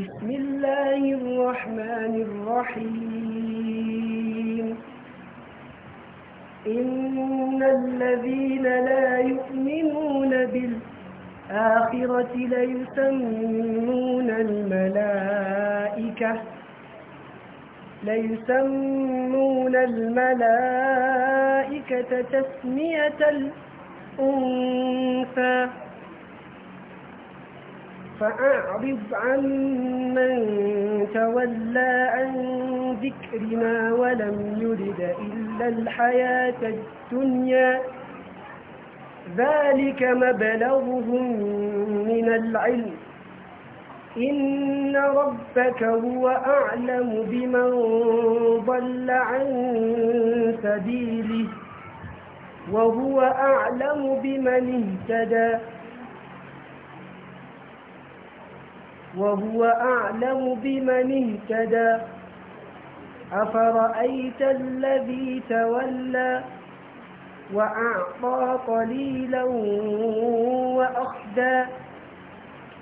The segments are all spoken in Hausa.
بسم الله الرحمن الرحيم إن الذين لا يؤمنون بالآخرة ليسمون الملائكة ليسمون الملائكة تسمية الأنثى فأعرض عن من تولى عن ذكرنا ولم يرد إلا الحياة الدنيا ذلك مبلغهم من العلم إن ربك هو أعلم بمن ضل عن سبيله وهو أعلم بمن اهتدى وهو أعلم بمن اهتدى أفرأيت الذي تولى وأعطى قليلا وأخدى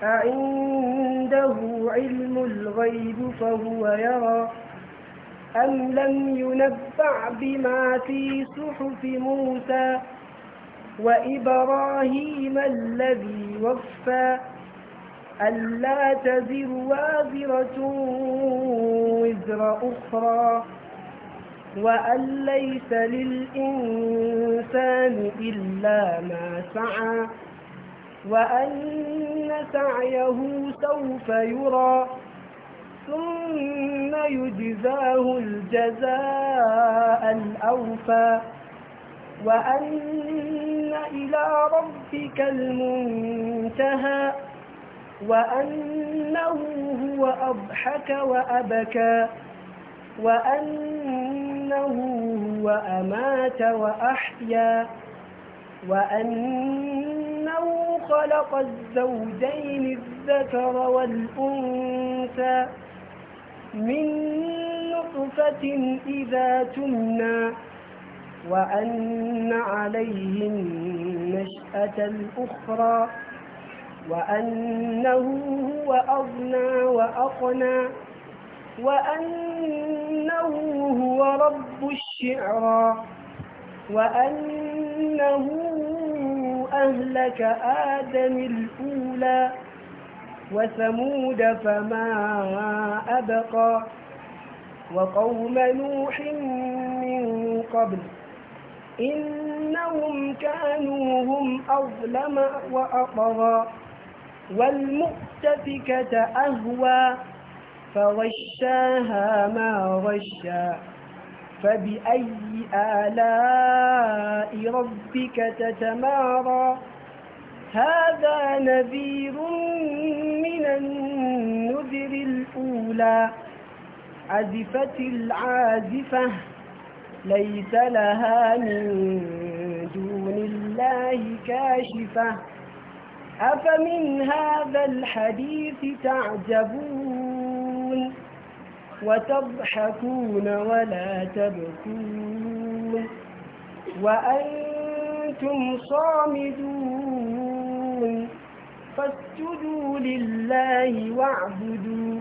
أعنده علم الغيب فهو يرى أم لم ينبع بما في صحف موسى وإبراهيم الذي وفى ألا تزر وازرة وزر أخرى وأن ليس للإنسان إلا ما سعى وأن سعيه سوف يرى ثم يجزاه الجزاء الأوفى وأن إلى ربك المنتهى وأنه هو أضحك وأبكى وأنه هو أمات وأحيا وأنه خلق الزوجين الذكر والأنثى من نطفة إذا تمنى وأن عليه النشأة الأخرى وأنه هو أغنى وأقنى وأنه هو رب الشعرى وأنه أهلك آدم الأولى وثمود فما أبقى وقوم نوح من قبل إنهم كانوا هم أظلم وأطغى والمؤتفكة أهوى فغشاها ما غشا فبأي آلاء ربك تتمارى هذا نذير من النذر الأولى عزفت العازفة ليس لها من دون الله كاشفة أفمن هذا الحديث تعجبون وتضحكون ولا تبكون وأنتم صامدون فاسجدوا لله واعبدوا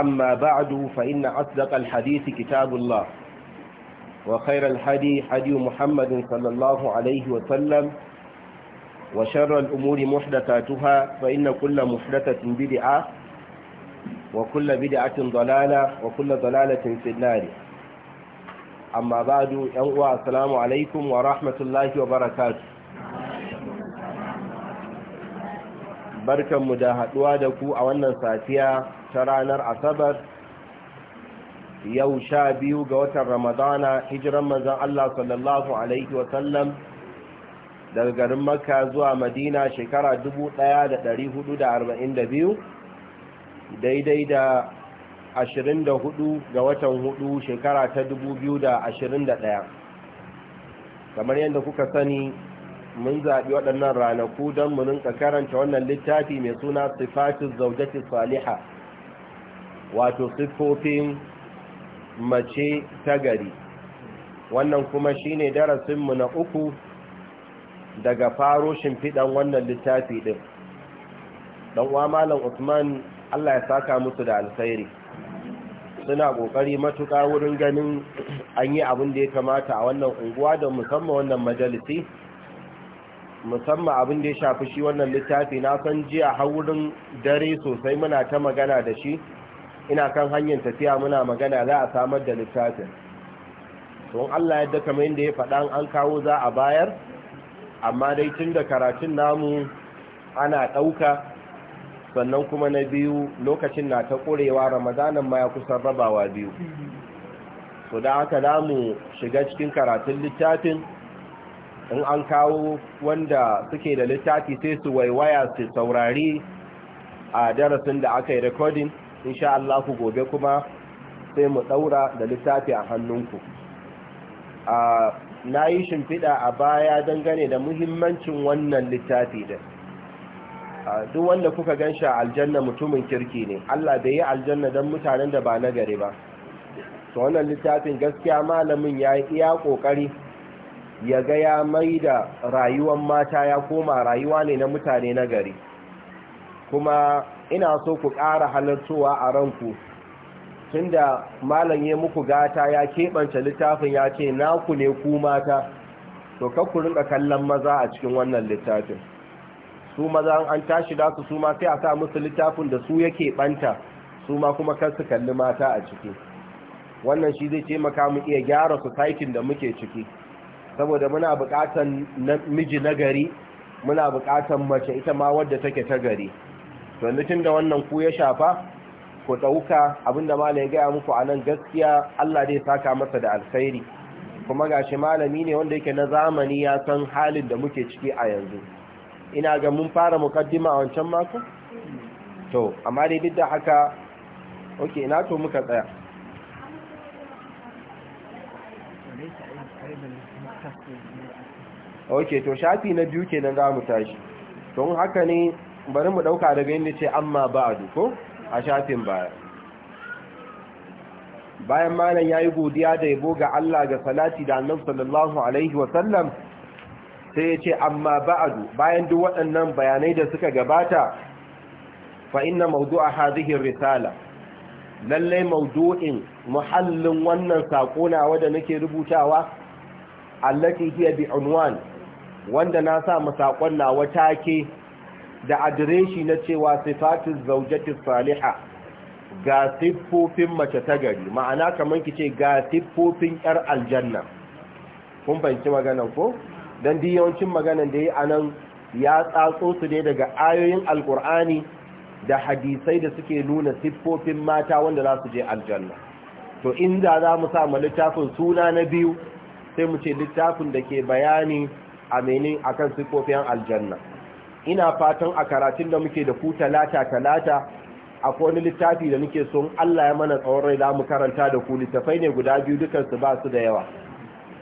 أما بعد فإن أصدق الحديث كتاب الله وخير الحدي حدي محمد صلى الله عليه وسلم وشر الأمور محدثاتها فإن كل محدثة بدعة وكل بدعة ضلالة وكل ضلالة في النار أما بعد السلام عليكم ورحمة الله وبركاته Barkan mu da haɗuwa da ku a wannan safiya ta ranar asabar yau sha biyu ga watan ramadana hijiran manzan Allah sallallahu alaihi wasallam daga garin makka zuwa madina shekara 1442 daidai da 24 ga watan hudu shekara ta 2021 kamar yadda kuka sani mun zaɓi waɗannan ranaku don mu rinka karanta wannan littafi mai suna sifatun zaujati saliha wato siffofin mace ta gari wannan kuma shine darasinmu na uku daga faro shimfiɗan wannan littafi ɗin ɗan malam usman allah ya saka musu da alkhairi suna ƙoƙari matuƙa wurin ganin an yi abin da ya kamata a wannan unguwa da musamman wannan majalisi musamman abin da ya shafi shi wannan littafi na san jiya haurin dare sosai muna ta magana da shi ina kan hanyar tafiya muna magana za a samar da littafin don allah yadda kamar yadda ya faɗa an kawo za a bayar amma dai tun da karatun namu ana ɗauka sannan kuma na biyu lokacin na ta ƙurewa ramadanin ma ya kusan rabawa biyu so da aka damu shiga cikin karatun littafin in an kawo wanda suke da littafi sai su waiwaya su saurari a darasin da aka yi recording insha Allah ku gobe kuma sai mu daura da littafi a hannunku na yi shimfiɗa a baya dangane da muhimmancin wannan littafi da. duk wanda kuka gan sha aljanna mutumin kirki ne Allah bai yi aljanna don mutanen da ba na gare ba to wannan littafin gaskiya malamin ya yi iya ƙoƙari ya ga ya mai da rayuwan mata ya koma rayuwa ne na mutane na gari kuma ina so ku ƙara halartowa a ranku tunda malam ya muku gata ya keɓance littafin ya ce naku ne ku mata to kakku rinka kallon maza a cikin wannan littafin su maza an tashi da su su ma sai a sa musu littafin da su yake banta su ma kuma kan su kalli mata a ciki wannan shi zai taimaka mu iya gyara society da muke ciki saboda muna buƙatan miji na gari muna buƙatan mace ita ma wadda take ta gari to mutum da wannan ku ya shafa ku ɗauka abinda malam ya gaya muku a nan gaskiya Allah zai saka masa da alkhairi kuma gashi malami ne wanda yake na zamani ya san halin da muke ciki a yanzu ina ga mun fara mukaddima a wancan mako to amma dai duk haka oke ina to muka tsaya ok to shafi na biyu kenan za mu tashi don haka ne bari mu dauka daga inda ce amma ba duku a shafin baya bayan malam yi godiya da yabo ga Allah ga salati da Annabi sallallahu alaihi wasallam sai yace amma ba'du bayan duk waɗannan bayanai da suka gabata fa inna mawdu'a hadhihi risala lallai mawdu'in muhallin wannan sako na wanda nake rubutawa allati hiya bi unwan wanda na sa mu sakon na wata ke da adireshi na cewa sifatu zawjati salihah ga siffofin mace ta gari ma'ana kamar kice ce ga siffofin yar aljanna kun fahimci maganan ko dan di yawancin maganan da yi anan ya tsatso su ne daga ayoyin alkur'ani da hadisai da suke nuna siffofin mata wanda za su je aljanna to inda za mu sa mu littafin suna na biyu sai mu ce littafin da ke bayani a menin kan sifofin aljanna ina fatan a karatun da muke da ku talata talata akwai wani littafi da muke son Allah ya mana tsawon rai za mu karanta da ku littafai ne guda biyu dukansu ba su da yawa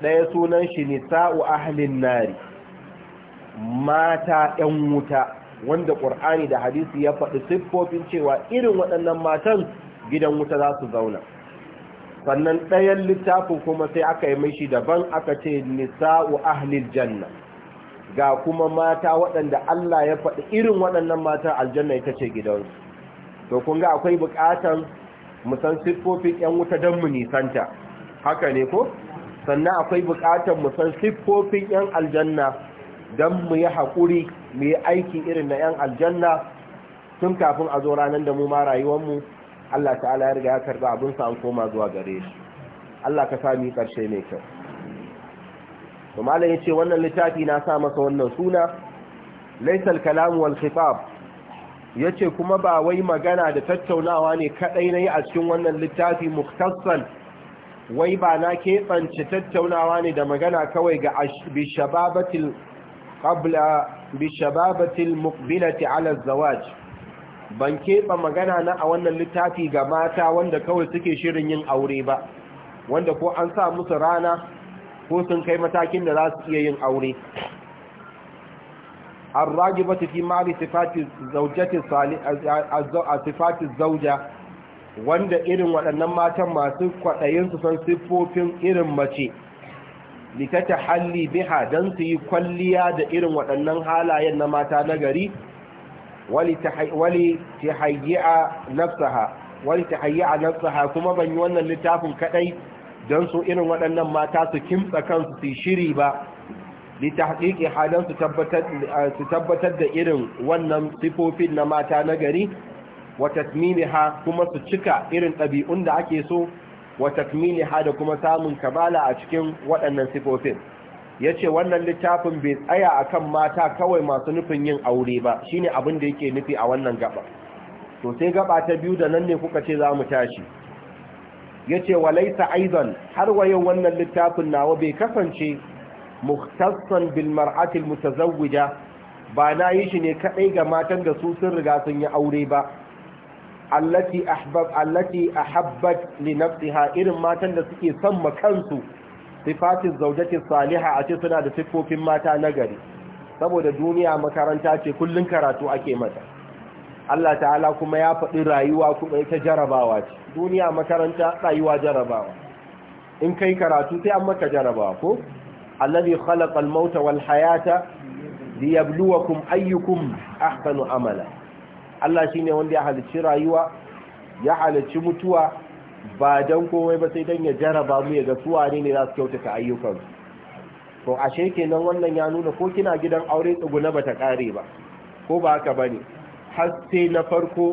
ɗaya sunan shi sa'u ahalin nari mata 'yan wuta wanda ƙur'ani da hadisi ya faɗi siffofin cewa irin waɗannan matan gidan wuta za su zauna sannan ɗayan littafin kuma sai aka yi mashi daban aka ce nisa'u ahlil janna ga kuma mata waɗanda Allah ya faɗi irin waɗannan mata aljanna ita ce gidansu to kun ga akwai buƙatan mu san siffofin ƴan wuta don mu nisanta haka ne ko sannan akwai buƙatan mu san siffofin ƴan aljanna don mu yi haƙuri mu yi aiki irin na ƴan aljanna tun kafin a zo ranar da mu ma rayuwar mu Allah ta'ala ya riga ya karba abin sa an koma zuwa gare shi Allah ka sami karshe mai kyau to malam yace wannan littafi na sa masa wannan suna laysal kalam wal khitab yace kuma ba wai magana da tattaunawa ne kadai nayi a cikin wannan littafi mukhtassan wai ba na keɓance tattaunawa ne da magana kawai ga bishababatil qabla bishababatil muqbilati ala zawaj ban keɓe magana na a wannan littafi ga mata wanda kawai suke shirin yin aure ba wanda ko an sa musu rana ko sun kai matakin da za su iya yin aure An ragi ba su fi mari sifatis zauja wanda irin waɗannan matan masu kwaɗayin su san siffofin irin mace litata halli biha don su yi kwalliya da irin waɗannan halayen na mata na gari ولتحيئ نفسها kuma ban yi wannan littafin kadai don su irin waɗannan mata su kimsa kansu su shiri ba litahqiqi halan su tabbatar su tabbatar da irin wannan sifofin na mata na gari wa tatmimiha kuma su cika irin ɗabi'un da ake so wa takmiliha da kuma samun kamala a cikin waɗannan sifofin ya ce wannan littafin bai tsaya akan mata kawai masu nufin yin aure ba shine abin da yake nufi a wannan gaba to sai gaba ta biyu da nan ne kuka ce za mu tashi ya ce walaisa aizan har wayo wannan littafin nawa bai kasance muhtassan bil mar'atil mutazawwija ba na yi shi ne kadai ga matan da su sun riga sun yi aure ba allati ahbab allati ahabbat li nafsiha irin matan da suke son ma kansu sifatin zaujati saliha a ce suna da siffofin mata nagari saboda duniya makaranta ce kullun karatu ake mata Allah ta'ala kuma ya faɗi rayuwa kuma ita jarabawa ce duniya makaranta rayuwa jarabawa in kai karatu sai an maka jarabawa ko alladhi khalaqa al-mauta wal hayata liyabluwakum ayyukum ahsanu amala Allah shine wanda ya halicci rayuwa ya halicci mutuwa ba don komai ba sai don ya jaraba mu ya ga suwa wane ne za su kyautata ayyukan to ashe kenan wannan ya nuna ko kina gidan aure tsuguna bata kare ba ko ba haka bane har sai na farko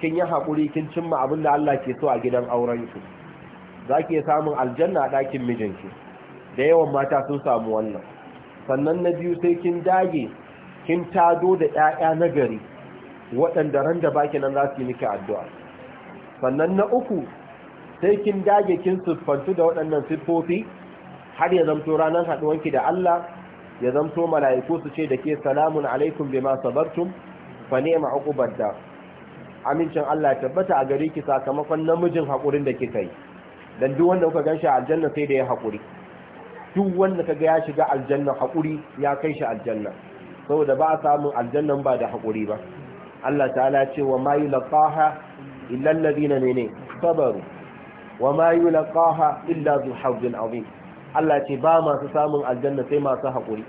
kin yi haƙuri kin cimma abin da Allah ke so a gidan auren ki za ki samun aljanna a ɗakin mijinki da yawan mata sun samu wannan sannan na biyu sai kin dage kin tado da ƴaƴa na gari waɗanda ran da baki nan za su yi miki addu'a sannan na uku sai kin dage kin siffantu da waɗannan siffofi har ya zamto ranar haɗuwanki da Allah ya zamto mala'iku su ce da ke salamun alaikum bima sabartum fa ni'ma uqubad da amincin Allah ya tabbata a gare ki sakamakon namijin hakurin da kika yi dan duk wanda kuka ganshi aljanna sai da ya haƙuri, duk wanda kaga ya shiga aljanna hakuri ya kai shi aljanna saboda ba a samun aljannan ba da hakuri ba Allah ta'ala ce wa ma yulqaha illa alladhina ne sabaru wa ma yulqaha illa zu hawdin azim Allah ce ba masu samun aljanna sai masu hakuri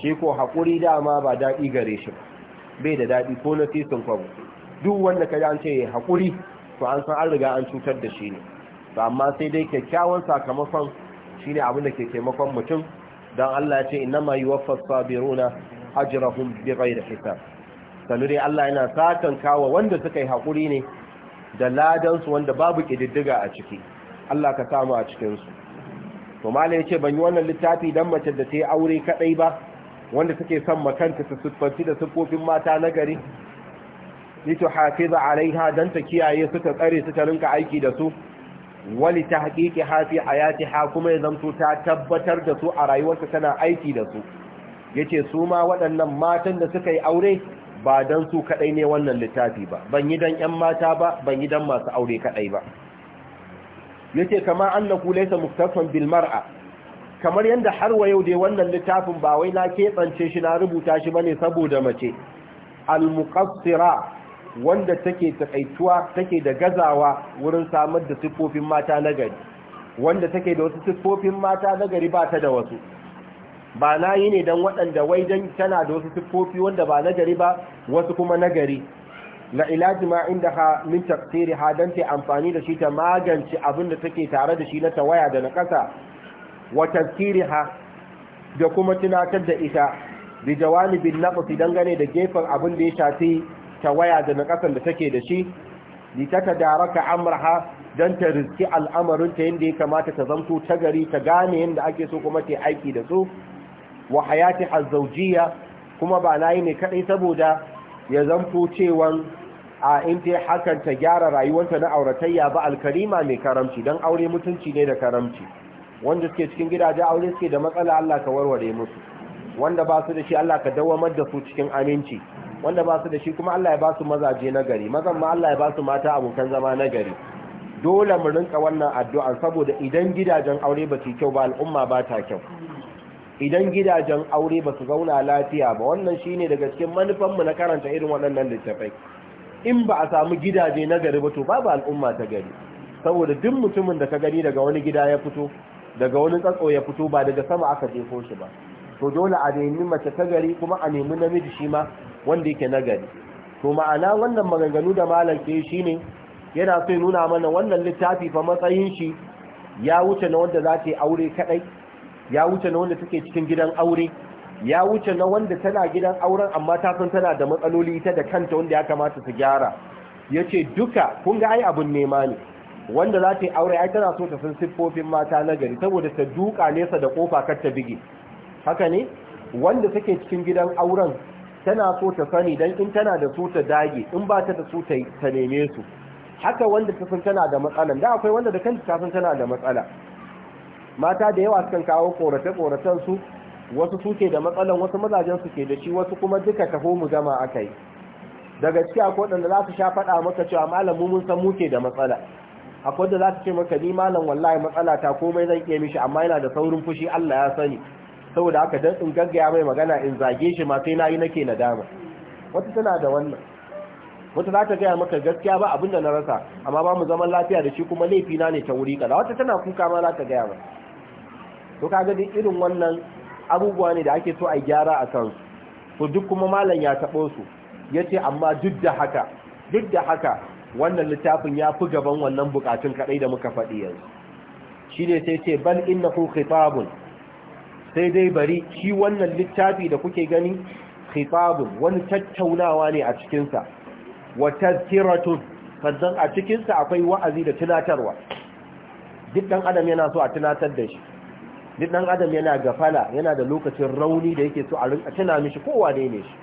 shi ko hakuri dama ba dadi gare shi bai da dadi ko na tisin kwabu duk wanda kada an ce hakuri to an san an riga an cutar da shi ne to amma sai dai kyakkyawan sakamakon shine abin da ke taimakon mutum dan Allah ya ce innama yuwaffas sabiruna ajrahum bighayri hisab sanu Allah yana satan kawa wanda suka yi hakuri ne da ladansu wanda babu ƙididdiga a ciki Allah ka samu a cikinsu to mala ya ce ban yi wannan littafi don mace da ta yi aure kaɗai ba wanda take son makanta su siffanci da siffofin mata na gari lito hafiza alaiha don ta kiyaye su ta tsare su ta rinka aiki da su wali ta haƙiƙi hafi a ha kuma ya zamto ta tabbatar da su a rayuwarsa tana aiki da su yace su ma waɗannan matan da suka yi aure ba don su kaɗai ne wannan littafi ba ban yi don 'yan mata ba ban yi don masu aure kaɗai ba yace kama annahu laysa muktafan bil mar'a kamar yadda har wa yau dai wannan littafin ba wai na keɓance shi na rubuta shi bane saboda mace al muqassira wanda take takaituwa take da gazawa wurin samar da siffofin mata nagari wanda take da wasu siffofin mata nagari ba ta da wasu ba na yi ne don waɗanda wai don tana da wasu siffofi wanda ba nagari ba wasu kuma nagari na ilaji ma inda ha min tafsiri ha don ta amfani da shi ta magance abin da take tare da shi na tawaya da na ƙasa wa tafsiri ha da kuma tunatar da ita bin bin naqsi dangane da gefen abin da ya shafi tawaya da na ƙasan da take da shi li ta tadaraka amraha dan ta riski al'amarin ta yanda ya kamata ta zamto ta gari ta gane yadda ake so kuma ta aiki da su wa hayati azzaujiyya kuma ba nayi ne kadai saboda ya zanto cewan a in dai hakan ta gyara rayuwarta na auratayya ba alkarima mai karamci dan aure mutunci ne da karamci wanda suke cikin gidaje aure suke da matsala Allah ka warware musu wanda ba su da shi Allah ka dawamar da su cikin aminci wanda ba su da shi kuma Allah ya ba su mazaje na gari mazan ma Allah ya ba su mata abokan zama na gari dole mu rinka wannan addu'a saboda idan gidajen aure ba su kyau ba al'umma ba ta kyau idan gidajen aure ba su zauna lafiya ba wannan shi ne daga cikin manufanmu na karanta irin waɗannan littafai in ba a samu gidaje na gari ba to babu al'umma ta gari saboda duk mutumin da ka gani daga wani gida ya fito daga wani tsatso ya fito ba daga sama aka jefo shi ba to dole a nemi mace ta gari kuma a nemi namiji shi ma wanda yake na gari to ma'ana wannan maganganu da malam ke ne yana so ya nuna mana wannan littafi fa matsayin shi ya wuce na wanda za ta yi aure kaɗai? ya wuce na wanda take cikin gidan aure ya wuce na wanda tana gidan auren amma ta san tana da matsaloli ita da kanta wanda ya kamata ta gyara yace duka kun ga ai abun nema ne wanda za ta yi aure ai tana so ta san siffofin mata na gari saboda ta duka nesa da kofa kar ta bige haka ne wanda take cikin gidan auren tana so ta sani dan in tana da su ta dage in ba ta da su ta neme su haka wanda ta san tana da matsala da akwai wanda da kanta ta san tana da matsala mata da yawa sukan kawo korafe-korafen su wasu suke da matsalan wasu mazajen su ke da shi wasu kuma duka taho mu gama aka yi daga ciki akwai wanda za su sha faɗa maka cewa malam mu mun san muke da matsala akwai wanda za su ce maka ni malam wallahi matsala ta komai zan iya mishi amma yana da saurin fushi Allah ya sani saboda haka dan in gaggaya mai magana in zage shi ma sai nayi nake nadama wata tana da wannan wata za ta gaya maka gaskiya ba abinda na rasa amma ba mu zaman lafiya da shi kuma laifi na ne ta wuri kaza wata tana kuka ma za ta gaya maka to kaga duk irin wannan abubuwa ne da ake so a gyara a kansu su duk kuma malam ya taɓo su yace. amma duk da haka duk da haka wannan littafin ya fi gaban wannan bukatun kaɗai da muka faɗi yanzu shi ne sai ce bal innahu khitabun sai dai bari shi wannan littafi da kuke gani khitabun wani tattaunawa ne a cikinsa wa tazkiratun sannan a cikinsa akwai wa'azi da tunatarwa duk ɗan adam yana so a tunatar da shi duk ɗan adam yana gafala yana da lokacin rauni da yake so a rinka tuna mishi kowa ne ne shi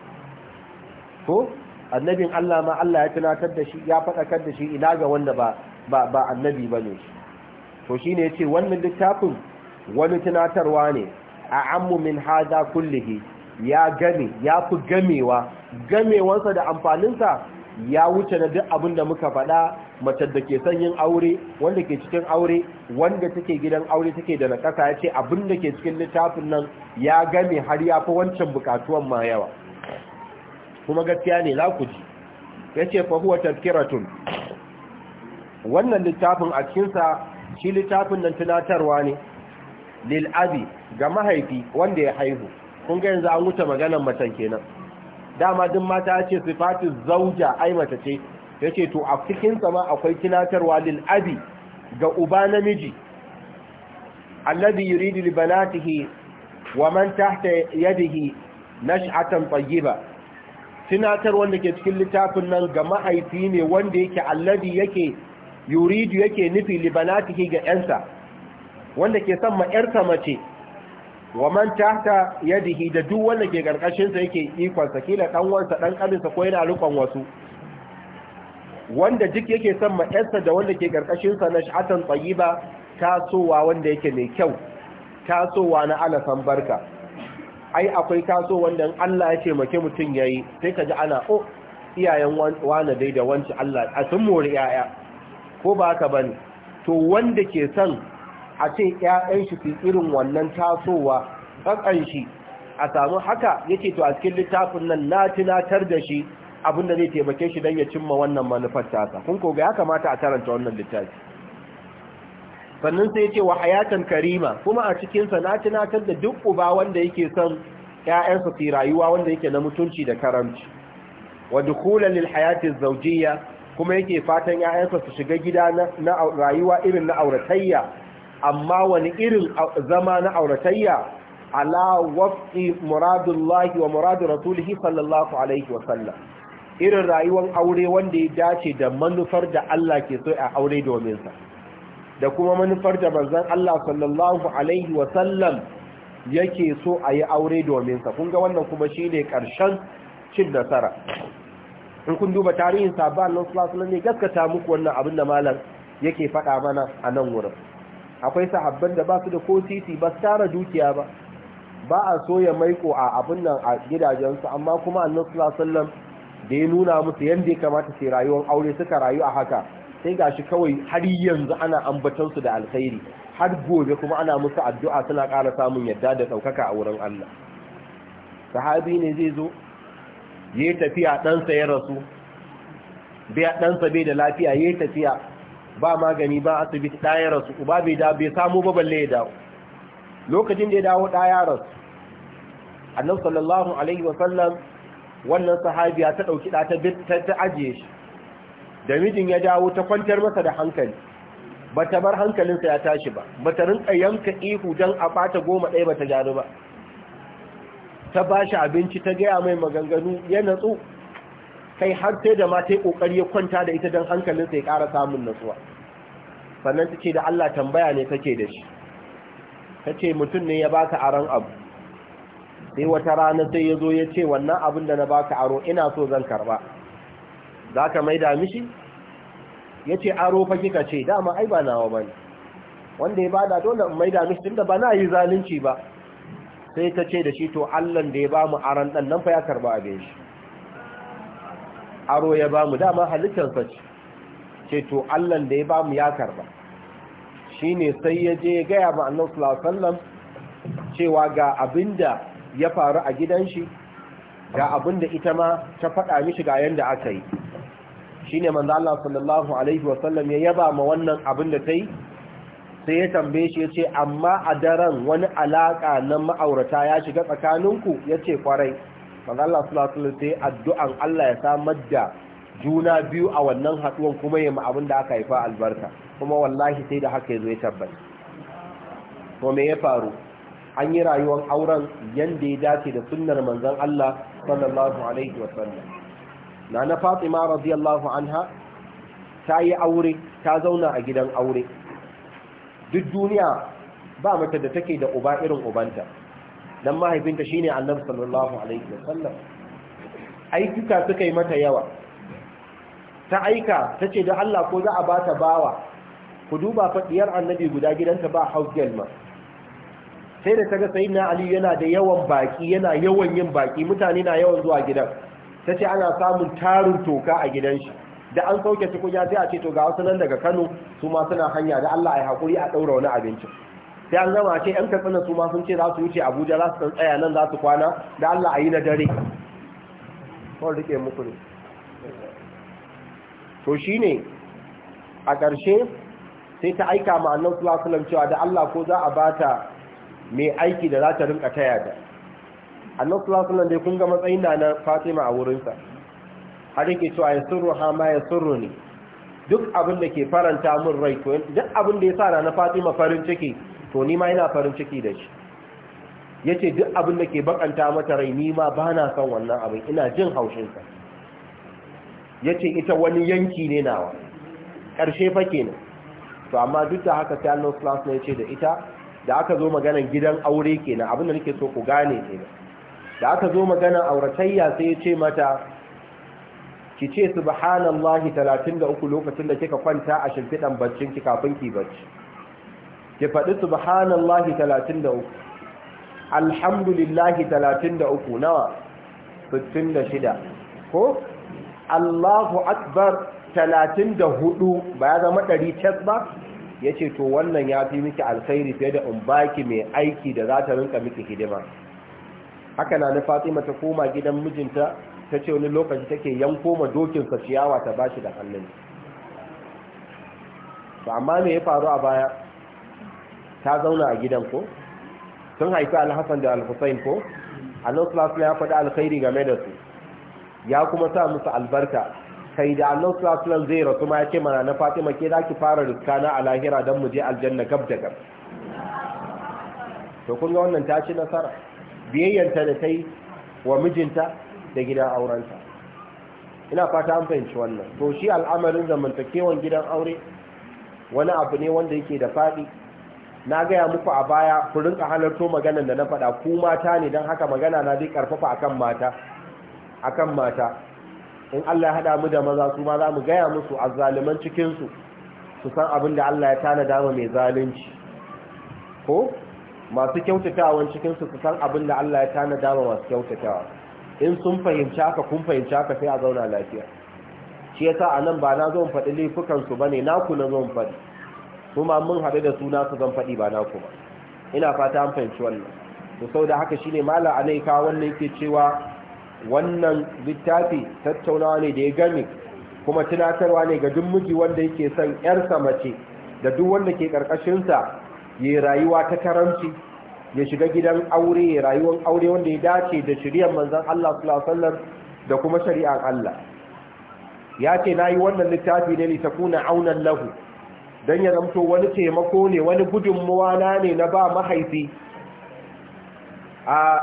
ko annabin Allah ma Allah ya tunatar da shi ya faɗakar da shi ina ga wanda ba ba ba annabi bane shi to shine yace wannan littafin wani tunatarwa ne a ammu min hada kullihi ya game ya fi gamewa gamewansa da amfaninsa ya wuce na duk abin da muka faɗa mace da ke son yin aure wanda ke cikin aure wanda take gidan aure take da nakasa ya ce abin da ke cikin littafin nan ya game har ya fi wancan bukatuwan ma yawa kuma gaskiya ne za ku ji ya ce fahuwa tafkiratun wannan littafin a cikinsa shi littafin nan tunatarwa ne lil'abi ga mahaifi wanda ya haihu kun ga yanzu an wuce maganar macen kenan dama duk mata ce sifatu zauja ai mata ce yace to a cikin sama akwai tunatarwa lil abi ga uba namiji alladhi yuridu li banatihi wa man tahta yadihi nash'atan tayyiba tunatar wanda ke cikin littafin nan ga mahaifi ne wanda yake alladhi yake yuridu yake nufi li banatihi ga yansa wanda ke son ma yarsa mace wa man tahta yadihi da duk wanda ke karkashin sa yake ikon sa kila dan wansa dan sa ko yana rukon wasu wanda duk yake son ma'yarsa da wanda ke karkashin sa na shatan tayyiba tasowa wanda yake mai kyau tasowa na alasan barka ai akwai taso wanda Allah ya ce make mutun yayi sai kaji ana oh iyayen wani dai da wanci Allah a sun mori yaya ko ba ka bane to wanda ke son a ce ƴaƴan shi fi irin wannan tasowa tsakan shi a samu haka yake to a cikin littafin nan na tunatar da shi abinda zai taimake shi don ya cimma wannan manufar tasa kun koga ya kamata a karanta wannan littafi sannan sai ce wa hayatan karima kuma a cikinsa na tunatar da duk uba wanda yake son ‘ya'yansa su rayuwa wanda yake na mutunci da karamci wa dukulan lil hayatin kuma yake fatan ‘ya'yansa su shiga gida na rayuwa irin na auratayya amma wani irin zama na auratayya ala wafi muradullahi wa muradu rasulihi sallallahu alaihi wa sallam irin rayuwar aure wanda ya dace da manufar da Allah ke so a aure domin sa da kuma manufar da manzan, Allah sallallahu alaihi wa sallam yake so a yi aure domin sa kun ga wannan kuma shi ne karshen cin nasara in kun duba tarihin sahabban Allah sallallahu alaihi wa sallam ne gaskata muku wannan abin da malam yake faɗa mana a nan wurin akwai sahabban da ba su da ko titi ba su tara dukiya ba ba a so ya maiko a abin nan a gidajensu amma kuma alaihi wasallam da ya nuna musu yadda ya kamata su rayuwar aure suka rayu a haka sai gashi kawai har yanzu ana su da alkhairi har gobe kuma ana musu addu'a suna ƙara samun yadda da ɗaukaka a wurin Allah sahabi ne zai zo ya tafiya ɗansa ya rasu bai ɗansa bai da lafiya yayi tafiya ba magani ba asibiti ɗaya rasu uba bai da bai samu ba balle ya dawo lokacin da ya dawo ɗaya rasu annabi sallallahu alaihi wa sallam wannan sahabiya ta ɗauki ɗa ta ajiye shi da mijin ya dawo ta kwantar masa da hankali ba ta bar hankalinsa ya tashi ba ba ta rinka yanka ihu don a bata goma ɗaya ba ta gano ba ta ba shi abinci ta gaya mai maganganu ya natsu kai har sai da ma ta yi ƙoƙari ya kwanta da ita don hankalinsa ya ƙara samun natsuwa. sannan ta ce da Allah tambaya ne take da shi ta ce mutum ne ya baka aron abu sai wata rana sai ya zo ya ce wannan abin da na baka aro ina so zan karba za ka mai da mishi ya ce aro fa kika ce dama ai ba nawa ba ne wanda ya bada dole in mai da mishi tunda ba na yi zalunci ba sai ta ce da shi to allah da ya ba mu aron ɗan nan fa ya karba abin shi aro ya bamu dama halittarsa ce ce to Allah da ya bamu ya karba Shi ne sai ya je ya gaya ba annan sulasallam cewa ga abinda ya faru a gidan shi ga abinda ita ma ta faɗa mishi ga yadda aka yi shine manzo Allah sallallahu alaihi wasallam ya yaba ma wannan abin da ta yi sai ya tambaye shi ya ce amma a daren wani alaƙa na ma'aurata ya shiga tsakaninku ya ce kwarai manzo Allah sallallahu alaihi wasallam addu'an Allah ya samar da juna biyu a wannan haɗuwan, kuma ya mu abin da aka haifa albarka kuma wallahi sai da haka ya zo ya tabbata to me ya faru an yi rayuwar auren yanda ya dace da sunnar manzon Allah sallallahu alaihi wasallam nana Fatima radiyallahu anha ta yi aure ta zauna a gidan aure duk duniya ba mata da take da uba irin ubanta dan mahaifinta shine annabi sallallahu alaihi wasallam aikuka suka yi mata yawa ta aika tace da Allah ko za a bata bawa ku duba fadiyar annabi guda gidanta ba haujjal ma sai da kaga sayyidina ali yana da yawan baki yana yawan yin baki mutane na yawan zuwa gidan tace ana samun tarin toka a gidan shi da an sauke tukunya sai a ce to ga wasu nan daga Kano su ma suna hanya da Allah ya hakuri a daura wani abincin sai an zama ce yan katsina su ma sun ce za su wuce abuja za su tsaya nan za su kwana da allah a yi na dare kawai rike muku ne to shi ne a ƙarshe sai ta aika ma annan sulasulam cewa da allah ko za a ba ta mai aiki da za ta rinka taya da annan sulasulam dai kun ga matsayin da na fatima a wurinsa har yake cewa ya surru ha ma ya surru ne duk abin da ke faranta min rai to duk abin da ya sa na fatima farin ciki to ni ma ina farin ciki da shi yace duk abin da ke bakanta mata rai ni ma bana son wannan abin ina jin haushin sa yace ita wani yanki ne nawa karshe fa kenan to amma duk da haka sai Allah ne ya ce da ita da aka zo maganan gidan aure kenan abin da nake so ku gane ne. da aka zo maganan auratayya sai ya ce mata ki ce subhanallahi 33 lokacin da kika kwanta a shimfiɗan baccin ki kafin ki bacci ki faɗi subhanallahi 33 alhamdulillahi 33 nawa 66 ko Allahu akbar 34 ba ya zama 100 ba yace to wannan ya fi miki alkhairi fiye da in baki mai aiki da za ta rinka miki hidima haka na na Fatima ta koma gidan mijinta ta ce wani lokaci take yanko ma dokinsa ciyawa ta bashi da hannun ba amma me ya faru a baya ta zauna a gidan ko sun haifi alhassan da alhussein ko annan sulasula ya faɗi alkhairi game da su ya kuma sa musu albarka kai da annan sulasula zai rasu ma ya ce mana na fatima ke za ki fara riska na alahira don mu je aljanna gab da gab to kun ga wannan ta ci nasara biyayyanta da ta wa mijinta da gidan aurenta ina fata an fahimci wannan to shi al'amarin zamantakewan gidan aure wani abu ne wanda yake da faɗi na gaya muku a baya ku rinka halarto maganar da na faɗa ku mata ne don haka magana na zai karfafa akan mata akan mata in Allah ya haɗa mu da maza su ma za mu gaya musu azzaliman cikin su su san abin da Allah ya tanada ma mai zalunci ko masu kyautatawan cikin su su san abin da Allah ya tanada ma masu kyautatawa in sun fahimci haka kun fahimci haka sai a zauna lafiya shi yasa anan ba na zo in faɗi laifukan su bane naku na zo in faɗi kuma mun haɗu da suna su zan faɗi ba na kuma ina fata an fahimci wannan to sau da haka shine mala alaika wannan ke cewa wannan littafi tattaunawa ne da ya gami kuma tunatarwa ne ga duk miji wanda yake son yarsa mace da duk wanda ke karkashinsa ya rayuwa ta karamci ya shiga gidan aure ya rayuwar aure wanda ya dace da shiriyar manzon Allah sallallahu alaihi wasallam da kuma shari'ar Allah ya ce nayi wannan littafi ne li takuna aunan lahu don ya zamto wani taimako ne wani gudunmuwa na ne na ba mahaifi a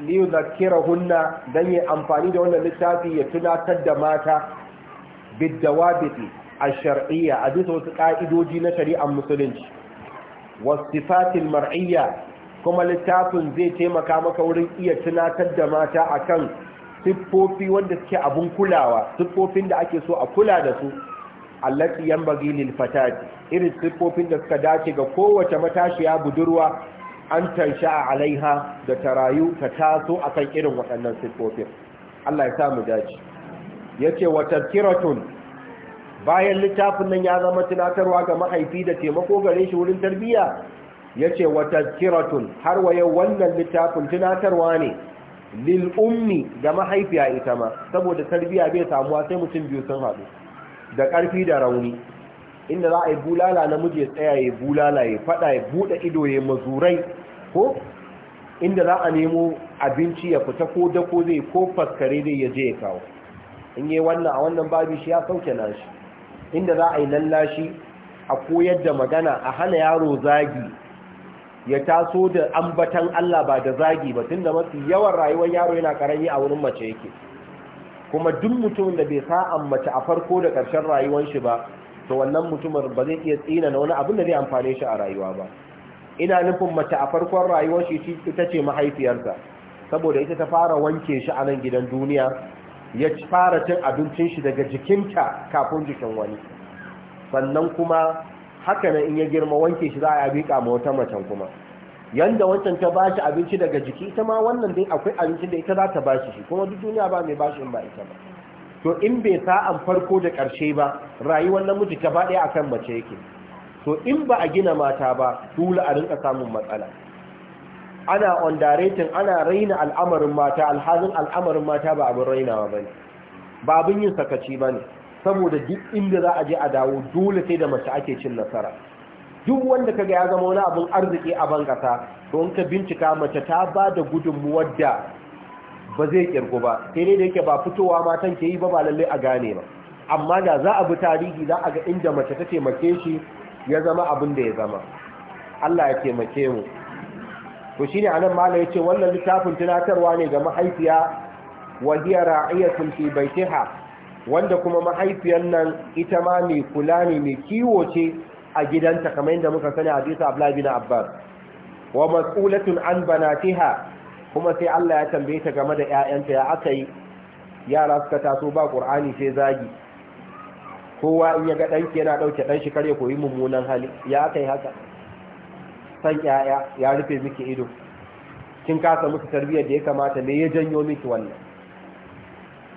liyazakira hunna don ya amfani da wannan littafi ya tunatar da mata biddawabiti a shari'a, a bisa wasu ƙa'idoji na shari'ar musulunci wasifatin mar'iyya kuma littafin zai taimaka maka wurin iya tunatar da mata a kan siffofi wanda suke abun kulawa siffofin da ake so a kula da su allati yanbaghi lil fatati irin sifofin da suka dace ga kowace matashiya budurwa an tansha alaiha da tarayu ta taso akan irin waɗannan sifofin Allah ya sa mu dace yace wa tadhkiratun bayan littafin nan ya zama tunatarwa ga mahaifi da taimako gare shi wurin tarbiyya yace wa tadhkiratun har wa wannan littafin tunatarwa ne lil ummi ga mahaifiya ita ma saboda tarbiyya bai samuwa sai mutum biyu sun haɗu da ƙarfi da rauni inda za a yi bulala namiji ya tsaya ya bulala ya fada ya buɗe ido ya mazurai ko inda za a nemo abinci ya fita ko dako zai ko faskare zai ya je ya kawo in yi wannan a wannan babi shi ya sauke nashi inda za a yi lallashi a koyar da magana a hana yaro zagi ya taso da ambatan Allah ba da zagi ba tun da mafi yawan rayuwar yaro yana ƙarami a wurin mace yake kuma duk mutumin da bai sa'an mace a farko da ƙarshen rayuwar shi ba to wannan mutumin ba zai iya tsina na wani abin da zai amfane shi a rayuwa ba ina nufin mace a farkon rayuwar shi ita ce mahaifiyarsa saboda ita ta fara wanke shi a nan gidan duniya ya fara cin abincin shi daga jikinta kafin jikin wani sannan kuma haka nan in ya girma wanke shi za a yi abika ma wata macen kuma yanda wancan ta bashi abinci daga jiki ita ma wannan dai akwai abincin da ita za ta bashi shi kuma duk duniya ba mai bashi in ba ita ba to in bai an farko da ƙarshe ba rayuwar namiji ta a akan mace yake to in ba a gina mata ba dole a rinka samun matsala ana ondaretin ana raina al'amarin mata alhazin al'amarin mata ba abin rainawa ba ne ba abin yin sakaci ba ne saboda duk inda za a je a dawo dole sai da mace ake cin nasara duk wanda kaga ya zama wani abin arziki a ban kasa to ka bincika mace ta ba da gudunmuwar da ba zai kirku ba sai dai da yake ba fitowa matan ke yi ba ba lalle a gane ba amma da za a bi tarihi za a ga inda mace ta taimake shi ya zama abin da ya zama Allah ya taimake mu to shine anan mallam yace wannan littafin tunatarwa ne ga mahaifiya wa hiya ra'iyatun fi baitiha wanda kuma mahaifiyar nan ita ma mai kula ne mai kiwo ce a gidanta kamar yadda muka sani a abu Abdullahi na Abbas wa mas'ulatun an banatiha kuma sai Allah ya tambaye ta game da 'ya'yanta ya aka yi yara suka taso ba ƙur'ani sai zagi kowa in ya ga danki yana ɗauke ɗan shi kare koyi mummunan hali ya aka yi haka san ƴaƴa ya rufe miki ido kin kasa musu tarbiyyar da ya kamata me ya janyo miki wannan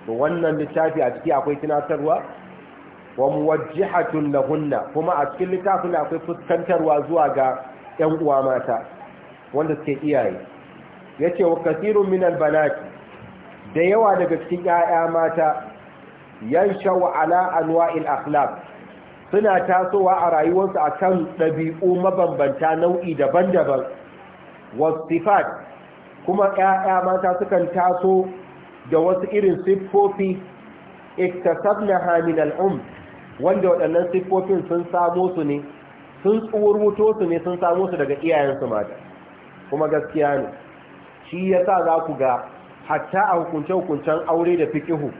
wannan littafi a ciki akwai tunatarwa wa muwajjihatun lahunna kuma a cikin littafin akwai fuskantarwa zuwa ga ƴan uwa mata wanda suke iyaye yace wa kathirun min albanat da yawa daga cikin ƴaƴa mata yanshaw ala anwa'il akhlaq suna tasowa a rayuwarsu akan ɗabi'u mabambanta nau'i daban-daban wasifat kuma ƴaƴa mata sukan taso da wasu irin siffofi iktasabnaha min al'umr wanda waɗannan siffofin sun samo su ne sun tsuwurwuto su ne sun samo su daga iyayensu mata kuma gaskiya ne shi ya sa za ku ga hatta a hukunce-hukuncen aure da fikihu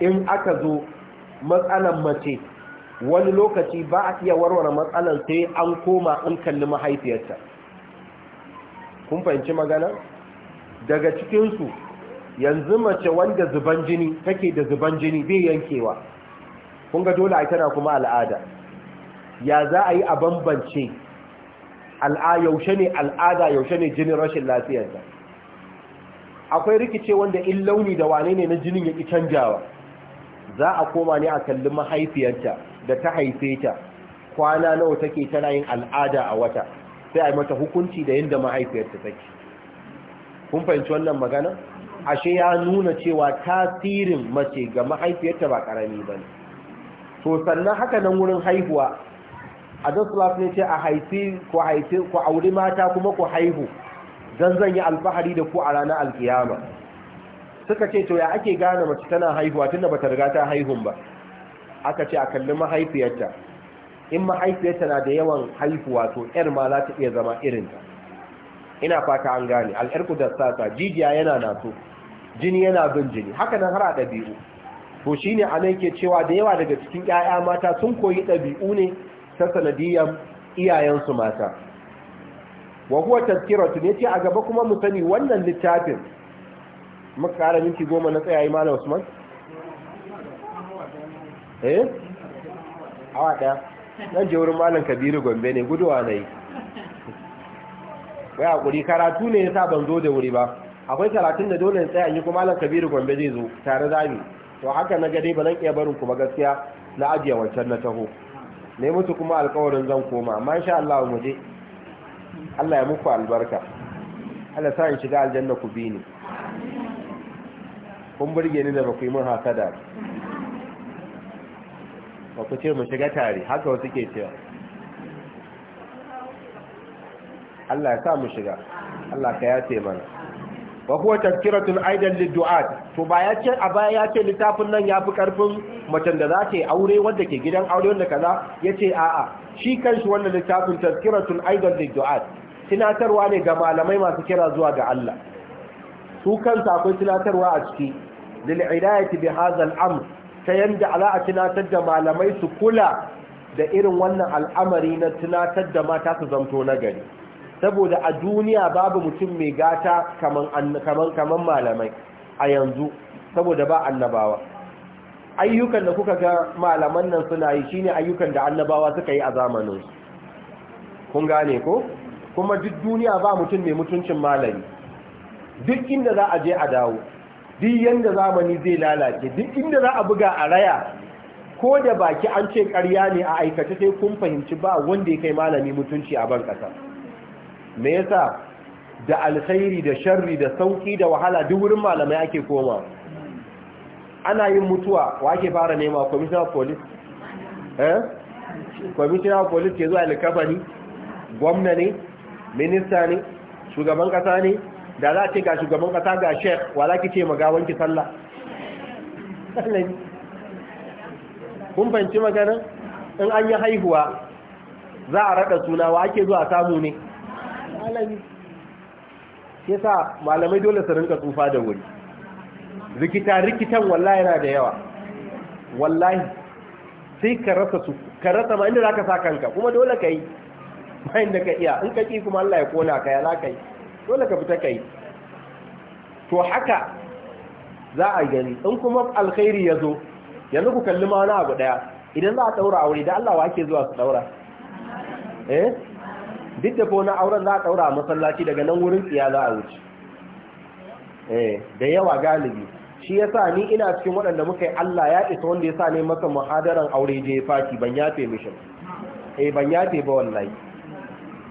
in aka zo matsalan mace wani lokaci ba a iya warware matsalan sai an koma in kalli mahaifiyarta kun fahimci magana daga cikinsu yanzu mace wanda zuban jini take da zuban jini bai yankewa kun ga dole a tana kuma al'ada ya za a yi a bambance yaushe ne al'ada yaushe ne jinin rashin lafiyarsa akwai rikice wanda in launi da wane ne na jinin ya yaki canjawa za a koma ne a kalli mahaifiyarta da ta haife ta kwana nawa take tana yin al'ada a wata sai a yi mata hukunci da yadda mahaifiyarta take kun fahimci wannan magana ashe ya nuna cewa tasirin mace ga mahaifiyarta ba karami ba ne to sannan haka nan wurin haihuwa a dasulaf ne ce a haifi ku haifi ku auri mata kuma ku haihu don zan yi alfahari da ku a ranar alkiyama suka ce to ya ake gane mace tana haihuwa tunda bata riga ta haihun ba aka ce a kalli mahaifiyarta in mahaifiyarta na da yawan haihuwa to yar ma za ta iya zama irinta ina fata an gane al'yar ku da sata jijiya yana nasu, jini yana bin jini haka nan har a ɗabi'u to shi a nan ke cewa da yawa daga cikin 'ya'ya mata sun koyi ɗabi'u ne ta sanadiyyar iyayensu mata wa huwa tazkiratu ne ce a gaba kuma mu sani wannan littafin muka ƙara minti goma na tsayayi malam Usman eh awa ɗaya nan je wurin malam Kabiru Gombe ne guduwa na yi. waya kuri, karatu ne sa ban zo da wuri ba akwai karatun da dole in tsaya in yi kuma malam Kabiru Gombe zai zo tare da to haka na gade ba zan iya barin ku ba gaskiya na ajiye wancan na taho ne mutu kuma alkawarin zan koma amma insha Allah mu je Allah ya muku albarka Allah sa in shiga aljanna ku bi ni kun burge ni da ba mun hasada ba ku ce mu shiga tare haka wasu ke cewa Allah ya sa mu shiga Allah ka yace mana wa huwa tazkiratun aidan liddu'at to ba yace a baya yace ce littafin nan yafi karfin macen da za ta yi aure wanda ke gidan aure wanda kaza ya ce a'a shi kanshi wannan littafin tazkiratun aidan liddu'at tunatarwa ne ga malamai masu kira zuwa ga Allah su kansa akwai tunatarwa a ciki lil ilayati bi hadha al-amr ta yanda ala a tunatar da malamai su kula da irin wannan al'amari na tunatar da mata su zamto na gari saboda a duniya babu mutum mai gata kaman malamai a yanzu saboda ba annabawa ayyukan da kuka ga malaman nan suna yi shine ayyukan da annabawa suka yi a zamanin kun gane ko kuma duk duniya ba mutum mai mutuncin malami duk inda za a je a dawo duk yanda zamani zai lalace duk inda za a buga a raya ko da baki an ce ƙarya ne a aikace sai kun fahimci ba wanda ya kai malami mutunci a ban ƙasa me yasa da alkhairi da sharri da sauki da wahala duk wurin malamai ake koma ana yin mutuwa wa ake fara nema commissioner of police eh commissioner of police ke zuwa alkafani gwamna ne minister ne shugaban kasa ne da za a ce ga shugaban kasa ga sheikh wa za ki ce magawanki sallah kun banci magana? in an yi haihuwa za a raɗa suna wa ake zuwa samu ne alami yasa malamai dole su rinka tsufa da wuri rikita rikitan wallahi yana da yawa wallahi sai ka rasa su ka rasa ma inda ka sa kanka kuma dole ka yi bayan da ka iya in ka ƙi kuma Allah ya kona ka yana ka yi dole ka fita yi to haka za a gani in kuma alkhairi ya zo yanzu ku kalli ma wani abu daya idan za a daura aure da Allah wa ake zuwa su daura eh duk da wani auren za a ɗaura a masallaci daga nan wurin tsiya za a wuce eh, da yawa galibi shi ya sa ni ina cikin waɗanda muka yi Allah ya isa wanda ya sa ne masa muhadaran aure je faki, ban yafe mishin eh ban yafe ba wallahi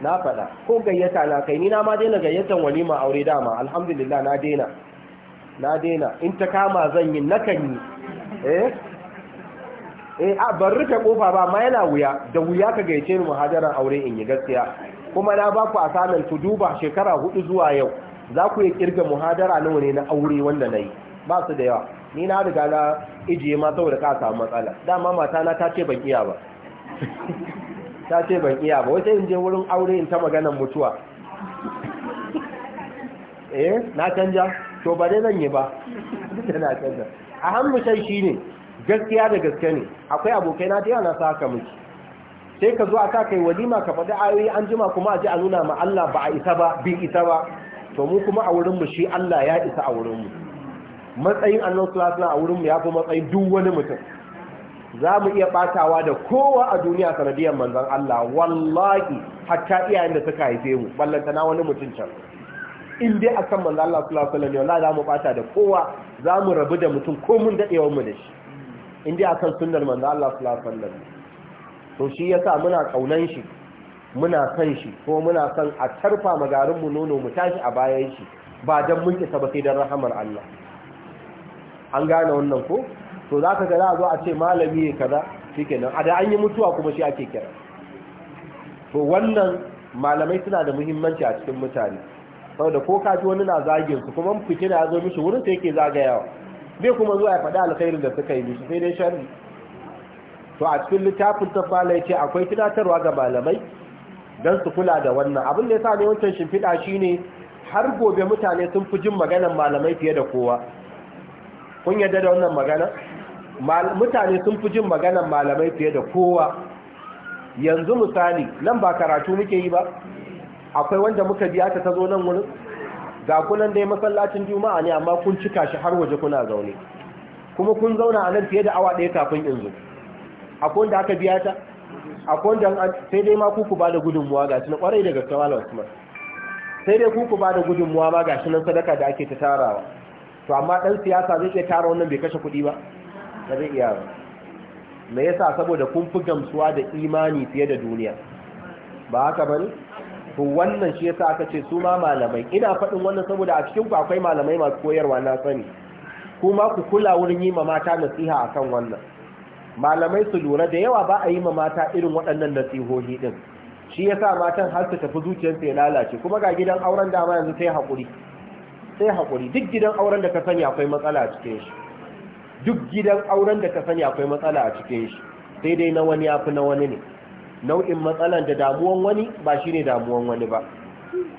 na faɗa ko gayyata na kai ni na ma daina gayyatan walima aure dama alhamdulillah na daina na daina in ta kama zan yi nakan yi eh eh a ban rufe kofa ba ma yana wuya da wuya ka gayyace ni muhadaran aure in yi gaskiya kuma na ba ku asanar ku duba shekara hudu zuwa yau za ku yi kirga muhadara nawa ne na aure wanda na yi ba su da yawa ni na riga na ijiye ma saboda ka samu matsala dama na ta ce ban iya ba ta ce ban iya ba wata in je wurin aure in ta maganar mutuwa eh na canja to ba dai zan yi ba tana canja a hannu shi shine gaskiya da gaske ne akwai abokai na da yana ka miki sai ka zo a kai walima ka faɗi ayoyi an jima kuma a ji a nuna ma Allah ba a isa ba bi isa ba to mu kuma a wurin mu shi Allah ya isa a wurin mu matsayin annon sallallahu a wurin mu ya fi matsayin duk wani mutum za mu iya batawa da kowa a duniya sanadiyar manzan Allah wallahi hatta iyayen da suka haife mu ballantana wani mutum can in dai a kan manzan Allah sallallahu alaihi wasallam za mu bata da kowa za mu rabu da mutum ko mun dadewar mu da shi in dai a kan sunnar manzan Allah sallallahu alaihi to shi sa muna kaunan shi muna san shi ko muna san a tarfa magarin mu nono mu tashi a bayan shi ba dan mun isa ba sai dan rahamar Allah an gane wannan ko to zaka ga a zo a ce malami kaza shikenan a da an yi mutuwa kuma shi ake kira to wannan malamai suna da muhimmanci a cikin mutane saboda ko ka ji wani na zagin su kuma fitina ya zo mishi wurin sai yake zagayawa bai kuma zuwa ya faɗi alkhairin da suka yi mishi sai dai sharri to a cikin littafin tafala ya ce akwai tunatarwa ga malamai don su kula da wannan abin da ya sa ne wancan shimfiɗa shi ne har gobe mutane sun fi jin maganan malamai fiye da kowa kun yadda da wannan magana mutane sun fi jin maganan malamai fiye da kowa yanzu misali nan ba karatu muke yi ba akwai wanda muka biya ta ta zo nan wurin ga kunan dai masallacin juma'a ne amma kun cika shi har waje kuna zaune kuma kun zauna a nan fiye da awa ɗaya kafin in zo akwai wanda aka biya ta akwai wanda sai dai ma kuku ba da gudunmuwa ga shi na kwarai daga kawala usman sai dai kuku ba da gudunmuwa ma ga shi nan sadaka da ake ta tarawa to amma dan siyasa zai iya tara wannan bai kashe kuɗi ba ta zai iya ba me yasa saboda kun fi gamsuwa da imani fiye da duniya ba haka ne? to wannan shi yasa aka ce su ma malamai ina faɗin wannan saboda a cikin ku akwai malamai masu koyarwa na sani kuma ku kula wurin yi ma mata nasiha akan wannan malamai su lura da yawa ba a yi ma mata irin waɗannan nasihohi ɗin. shi ya sa matan har su tafi zuciyarsa ya lalace kuma ga gidan auren dama yanzu sai haƙuri sai haƙuri duk gidan auren da ka sani akwai matsala a cikin shi duk gidan auren da ka sani akwai matsala a cikin shi sai dai na wani yafi na wani ne nau'in matsalan da damuwan wani ba shi ne damuwan wani ba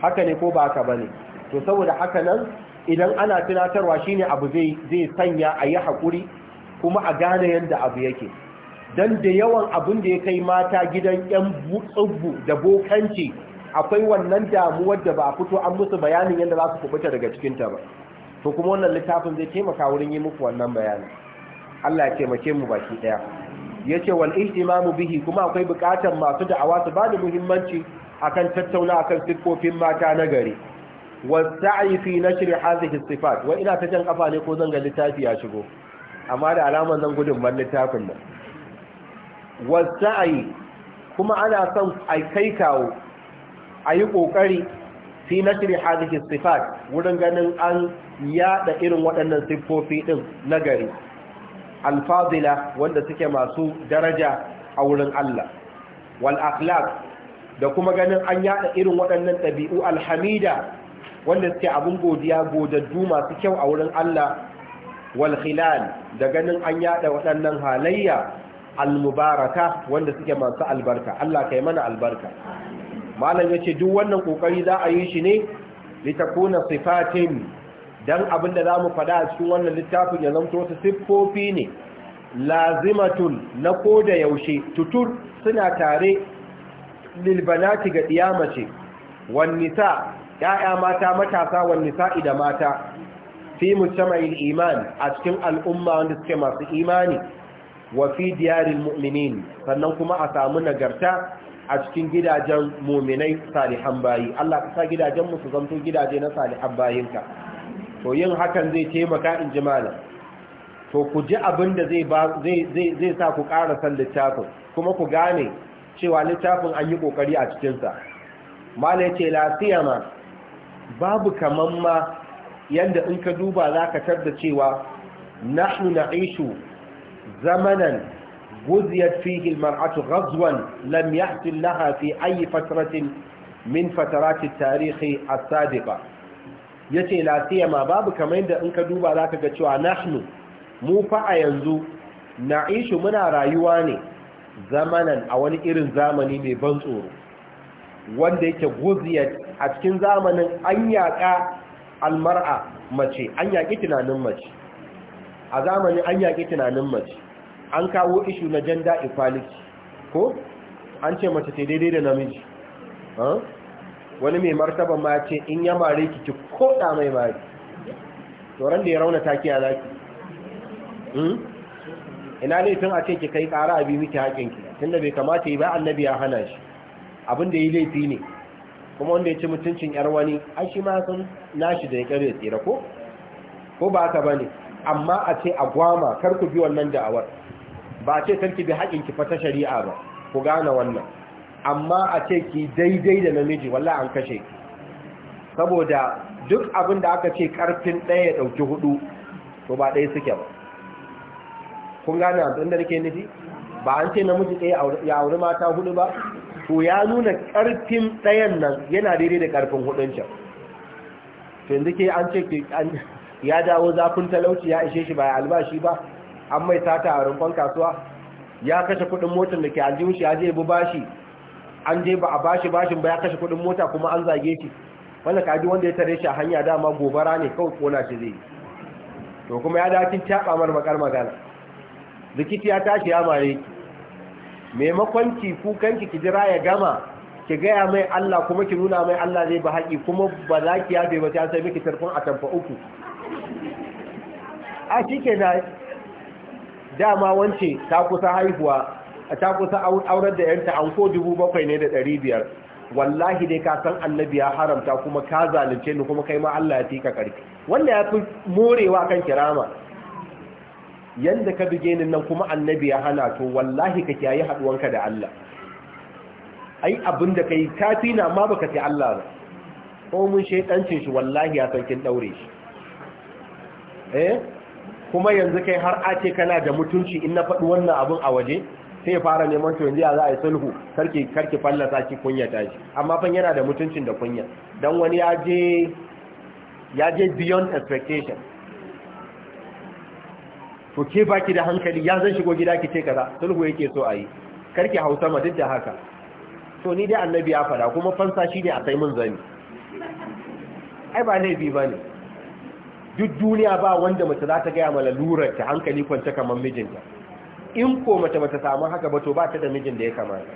haka ne ko ba haka bane to saboda haka nan idan ana tunatarwa shine abu zai zai sanya a yi haƙuri kuma a gane yadda abu yake don da yawan abin da ya kai mata gidan 'yan tsubu da bokanci akwai wannan damuwar da ba a fito an musu bayanin yadda za su kubuta daga cikinta ba to kuma wannan littafin zai taimaka wurin yi muku wannan bayanin Allah ya taimake mu baki daya ce, wal ihtimamu bihi kuma akwai bukatar masu da'awa su ba da muhimmanci akan tattauna akan siffofin mata na gari wa sa'i fi nashr hadhihi sifat wa ina ta jan kafa ne ko zanga littafi ya shigo amma da alamar zan gudun ban littafin nan wasa'ayi kuma ana son a kai kawo a yi ƙoƙari fi nashri hadhihi sifat wurin ganin an yada irin waɗannan siffofi ɗin na gari alfadila wanda suke masu daraja a wurin Allah wal akhlaq da kuma ganin an yada irin waɗannan ɗabi'u alhamida wanda suke abun godiya godaddu masu kyau a wurin Allah wal da ganin an yada waɗannan halayya al wanda suke masu albarka Allah kai mana albarka malam yace duk wannan kokari za a yi shi ne litakuna sifatin dan abinda zamu fada a cikin wannan littafin ya zanto su siffofi ne lazimatul na koda yaushe tutur suna tare lil banati ga diyamace wan nisa ya'ya mata matasa wan nisa'i da mata fi mujtama'il iman a cikin al'umma wanda suke masu imani wa fi diyarin mu'minin sannan kuma a samu nagarta a cikin gidajen mu'minai salihan bayi Allah ka sa gidajen mu su zanto gidaje na salihan bayinka to yin hakan zai taimaka in ji malam to ku ji abin da zai zai zai sa ku ƙara san littafin kuma ku gane cewa littafin an yi kokari a cikin sa malam ya ce la siyama babu kaman ma yanda in ka duba za ka tarda cewa nahnu na'ishu zamanan guziyar fihi al-mar'atu ghazwan lam yahsil laha fi ayi fatratin min fatarat at-tarikh as-sadiqa yace lafiya ma babu kamar yadda in ka duba za ka ga cewa nahnu mu fa a yanzu na'ishu muna rayuwa ne zamanan a wani irin zamani mai ban tsoro wanda yake guziyar a cikin zamanin an yaƙa almar'a mace an yaƙi tunanin mace a zamanin an yaƙi tunanin mace an kawo ishu na gender equality ko an ce mace ce daidai da namiji wani mai martaba ma ce in ya mare ki ki koɗa mai mare tsoron da ya rauna taki a zaki hmm? ina ne tun a ce ki kai ƙara abi miki haƙinki da bai kamata yi ba annabi ya hana shi abin da yi laifi ne kuma wanda ya ci mutuncin yar wani a shi ma sun nashi da ya kare ya tsira ko ko ba ka bane amma a ce a gwama kar ku bi wannan da'awar ba a ce ki bi haƙin ki fata shari'a ba ku gane wannan amma a ce ki daidai da namiji wallahi an kashe ki saboda duk abin da aka ce karfin ɗaya ya ɗauki hudu to ba ɗaya suke ba kun gane abin da ke nufi ba an ce namiji ɗaya ya auri mata hudu ba to ya nuna karfin ɗayan nan yana daidai da karfin hudun can to yanzu ke an ce ya dawo zafin talauci ya ishe shi ba albashi ba an mai sata a rumfan kasuwa ya kashe kudin motar da ke aljihun shi ya je bu bashi an je ba a bashi bashin ba ya kashe kudin mota kuma an zage shi wanda kaji wanda ya tare shi a hanya dama gobara ne kawai kona shi zai to kuma ya dakin taba mar makar magana likiti ya tashi ya mare ki maimakon ki kukanki ki jira ya gama ki gaya mai Allah kuma ki nuna mai Allah zai ba haƙi kuma ba za ki yafe ba ta sai miki tarfin a tamfa uku a shi ke na dama wance ta kusa haihuwa ta kusa aurar da yanta an ko dubu bakwai ne da ɗari biyar wallahi dai ka san annabi ya haramta kuma ka zalunce ni kuma kai ma Allah ya tika karfi wanda ya fi morewa kan kirama yanda ka bige ni nan kuma annabi ya hana to wallahi ka kiyaye haduwanka da Allah ai abinda kai kafi na ma baka ci Allah ba ko mun shaytancin shi wallahi ya san kin daure shi eh kuma yanzu kai har a ce kana da mutunci in na faɗi wannan abin a waje sai fara neman to yanzu ya za a yi sulhu karki karki fallasa ki kunya ta shi amma fa yana da mutuncin da kunya dan wani ya je ya je beyond expectation to ke baki da hankali ya zan shigo gida ki ce kaza sulhu yake so ayi karki hausa ma duk da haka to ni dai annabi ya fada kuma fansa shine a sai mun zani ai ba laifi bane duk duniya ba wanda mace za ta gaya ma lalurar ta hankali kwance kamar mijinta in ko mace bata samu haka ba to ba ta da mijin da ya kamata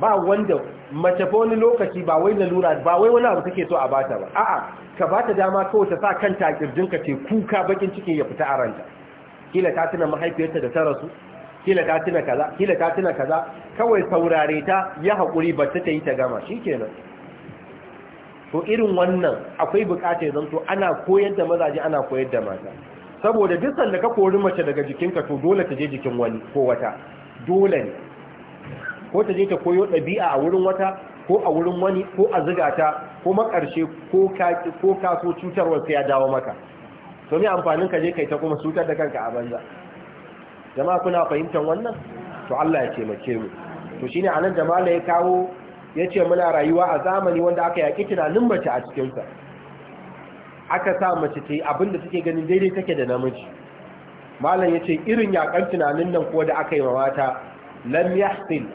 ba wanda mace fa wani lokaci ba wai lalura ba wai wani abu kake so a bata ba a'a ka bata dama kawai ta sa kanta a kirjinka ce kuka bakin cikin ya fita a ranta kila ta tuna mahaifiyarta da ta rasu kila ta tuna kaza kila ta tuna kaza kawai saurare ta ya hakuri ba ta yi ta gama shikenan to irin wannan akwai ya zanto ana koyar da mazaje ana koyar da mata saboda duk sanda ka kori mace daga jikinka to dole ta je jikin wani ko wata dole ne ko ta je ta koyo ɗabi'a a wurin wata ko a wurin wani ko a ziga ta ko makarshe ko ko kaso cutarwar sai ya dawo maka to me amfanin ka je kai ta kuma cutar da kanka a banza jama'a kuna fahimtar wannan to Allah ya taimake mu to shine anan da Malam ya kawo yace muna rayuwa a zamani wanda aka yaki tunanin mace a cikin sa aka sa mace ta yi abin da take ganin daidai take da namiji malam yace irin yakan tunanin nan ko da aka yi wa mata lam yahsin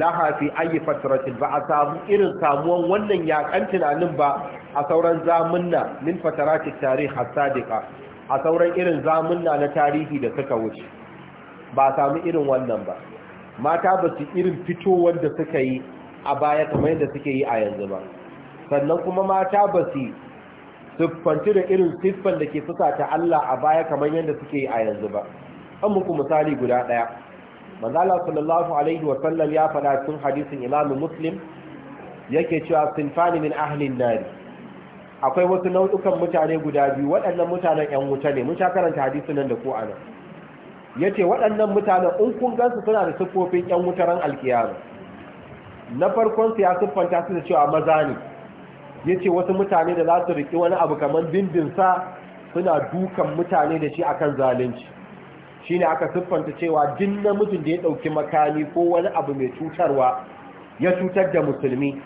laha fi ayi fatratin ba a samu irin samuwan wannan yakan tunanin ba a sauran zamunna min fatarati tarih hasadika a sauran irin zamunna na tarihi da suka wuce ba a samu irin wannan ba mata ba su irin fito wanda suka yi a baya kamar yadda suke yi a yanzu ba sannan kuma mata ba su siffanci da irin siffan da ke fusata Allah a baya kamar yadda suke yi a yanzu ba an muku misali guda ɗaya manzala sallallahu alaihi wa ya faɗa cikin hadisin imamu muslim yake cewa sinfani min ahlin nari akwai wasu nau'ukan mutane guda biyu waɗannan mutanen 'yan wuta ne mun sha karanta hadisin nan da ko anan yace waɗannan mutanen in kun gansu suna da siffofin 'yan wutaran alkiyama na farkon su ya siffanta su da cewa maza ne yace wasu mutane da za su riki wani abu kamar bindin sa suna dukan mutane da shi akan zalunci Shi ne aka siffanta cewa jin namijin da ya ɗauki makami ko wani abu mai cutarwa ya cutar da musulmi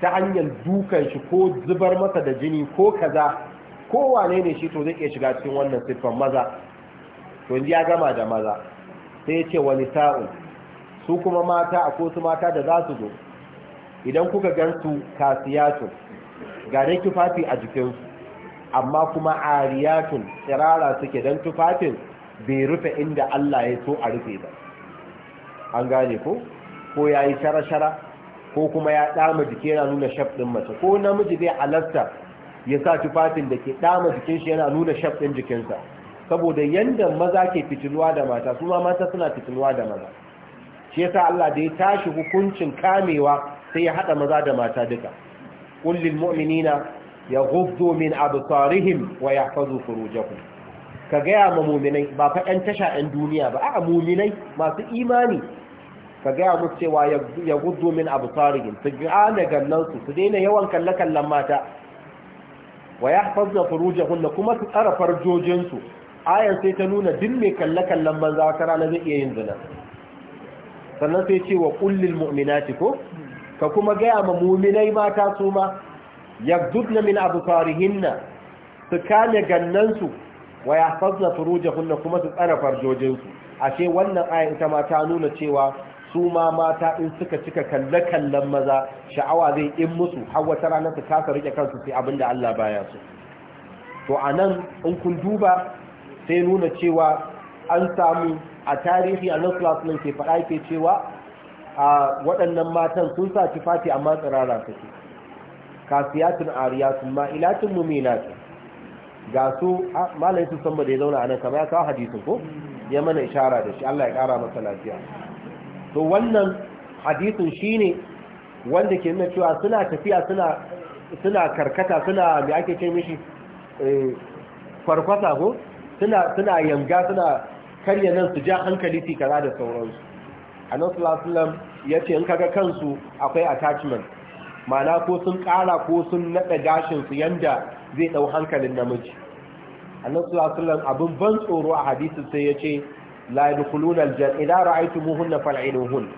ta hanyar dukan shi ko zubar masa da jini ko kaza ko wane ne shi to zai iya shiga cikin wannan siffan maza to ya gama da maza sai ya ce wani sa'u su kuma mata a su mata da za su zo idan kuka gansu kasiyatun ga dai tufafi a jikinsu amma kuma ariyatun tsirara suke don tufafin bai rufe inda Allah ya so a rufe ba an gane ko ko ya yi shara-shara ko kuma ya dama jiki yana nuna shaf ɗin mace ko namiji bai alasta ya sa tufafin da ke dama jikin shi yana nuna shaf ɗin jikinsa saboda yanda maza ke fitiluwa da mata su ma mata suna fitiluwa da maza shi yasa Allah da ya tashi hukuncin kamewa sai ya haɗa maza da mata duka kullil mu'minina yaghuddu min absarihim wa yahfazu furujahum ka gaya ma muminai ba ɗan tasha ɗan duniya ba a muminai masu imani ka gaya musu cewa ya gudu min abu tsarigin su gane gannansu su daina yawan kalle kallan mata wa ya fazza furujahunna kuma su tsara farjojinsu ayan sai ta nuna duk mai kallan banza wata rana zai iya yin zina sannan sai ce wa kullil mu'minati ko ka kuma gaya ma muminai mata su ma gudu min absarihinna su kame gannansu wa furuja furujahunna kuma su tsara farjojinsu ashe wannan aya ita ma ta nuna cewa su ma mata in suka cika kalle kallon maza sha'awa zai in musu har wata ranar su kasa rike kansu sai abinda Allah baya su? to anan in kun duba sai nuna cewa an samu a tarihi a nan ke faɗa ke cewa a waɗannan matan sun sa tufafi amma tsirara suke kasiyatun ariyatun ma'ilatun muminatun ga su malayin su samba da ya zauna a nan kama ya kawo hadisun ko ya mana ishara da shi Allah ya kara masa lafiya to wannan hadisun ne wanda ke nuna cewa suna tafiya suna karkata suna me ake ce mishi farkwata eh, ko suna yamga, yanga suna karya nan su ja hankali su kaza da sauransu annabi sallallahu alaihi ya ce in kaga kansu akwai attachment mana ko sun kara ko sun nada gashinsu su yanda zai ɗau hankalin namiji annan sulasulan abin ban tsoro a hadisi sai ya ce la yadkhuluna muhun na ra'aytumuhunna hun.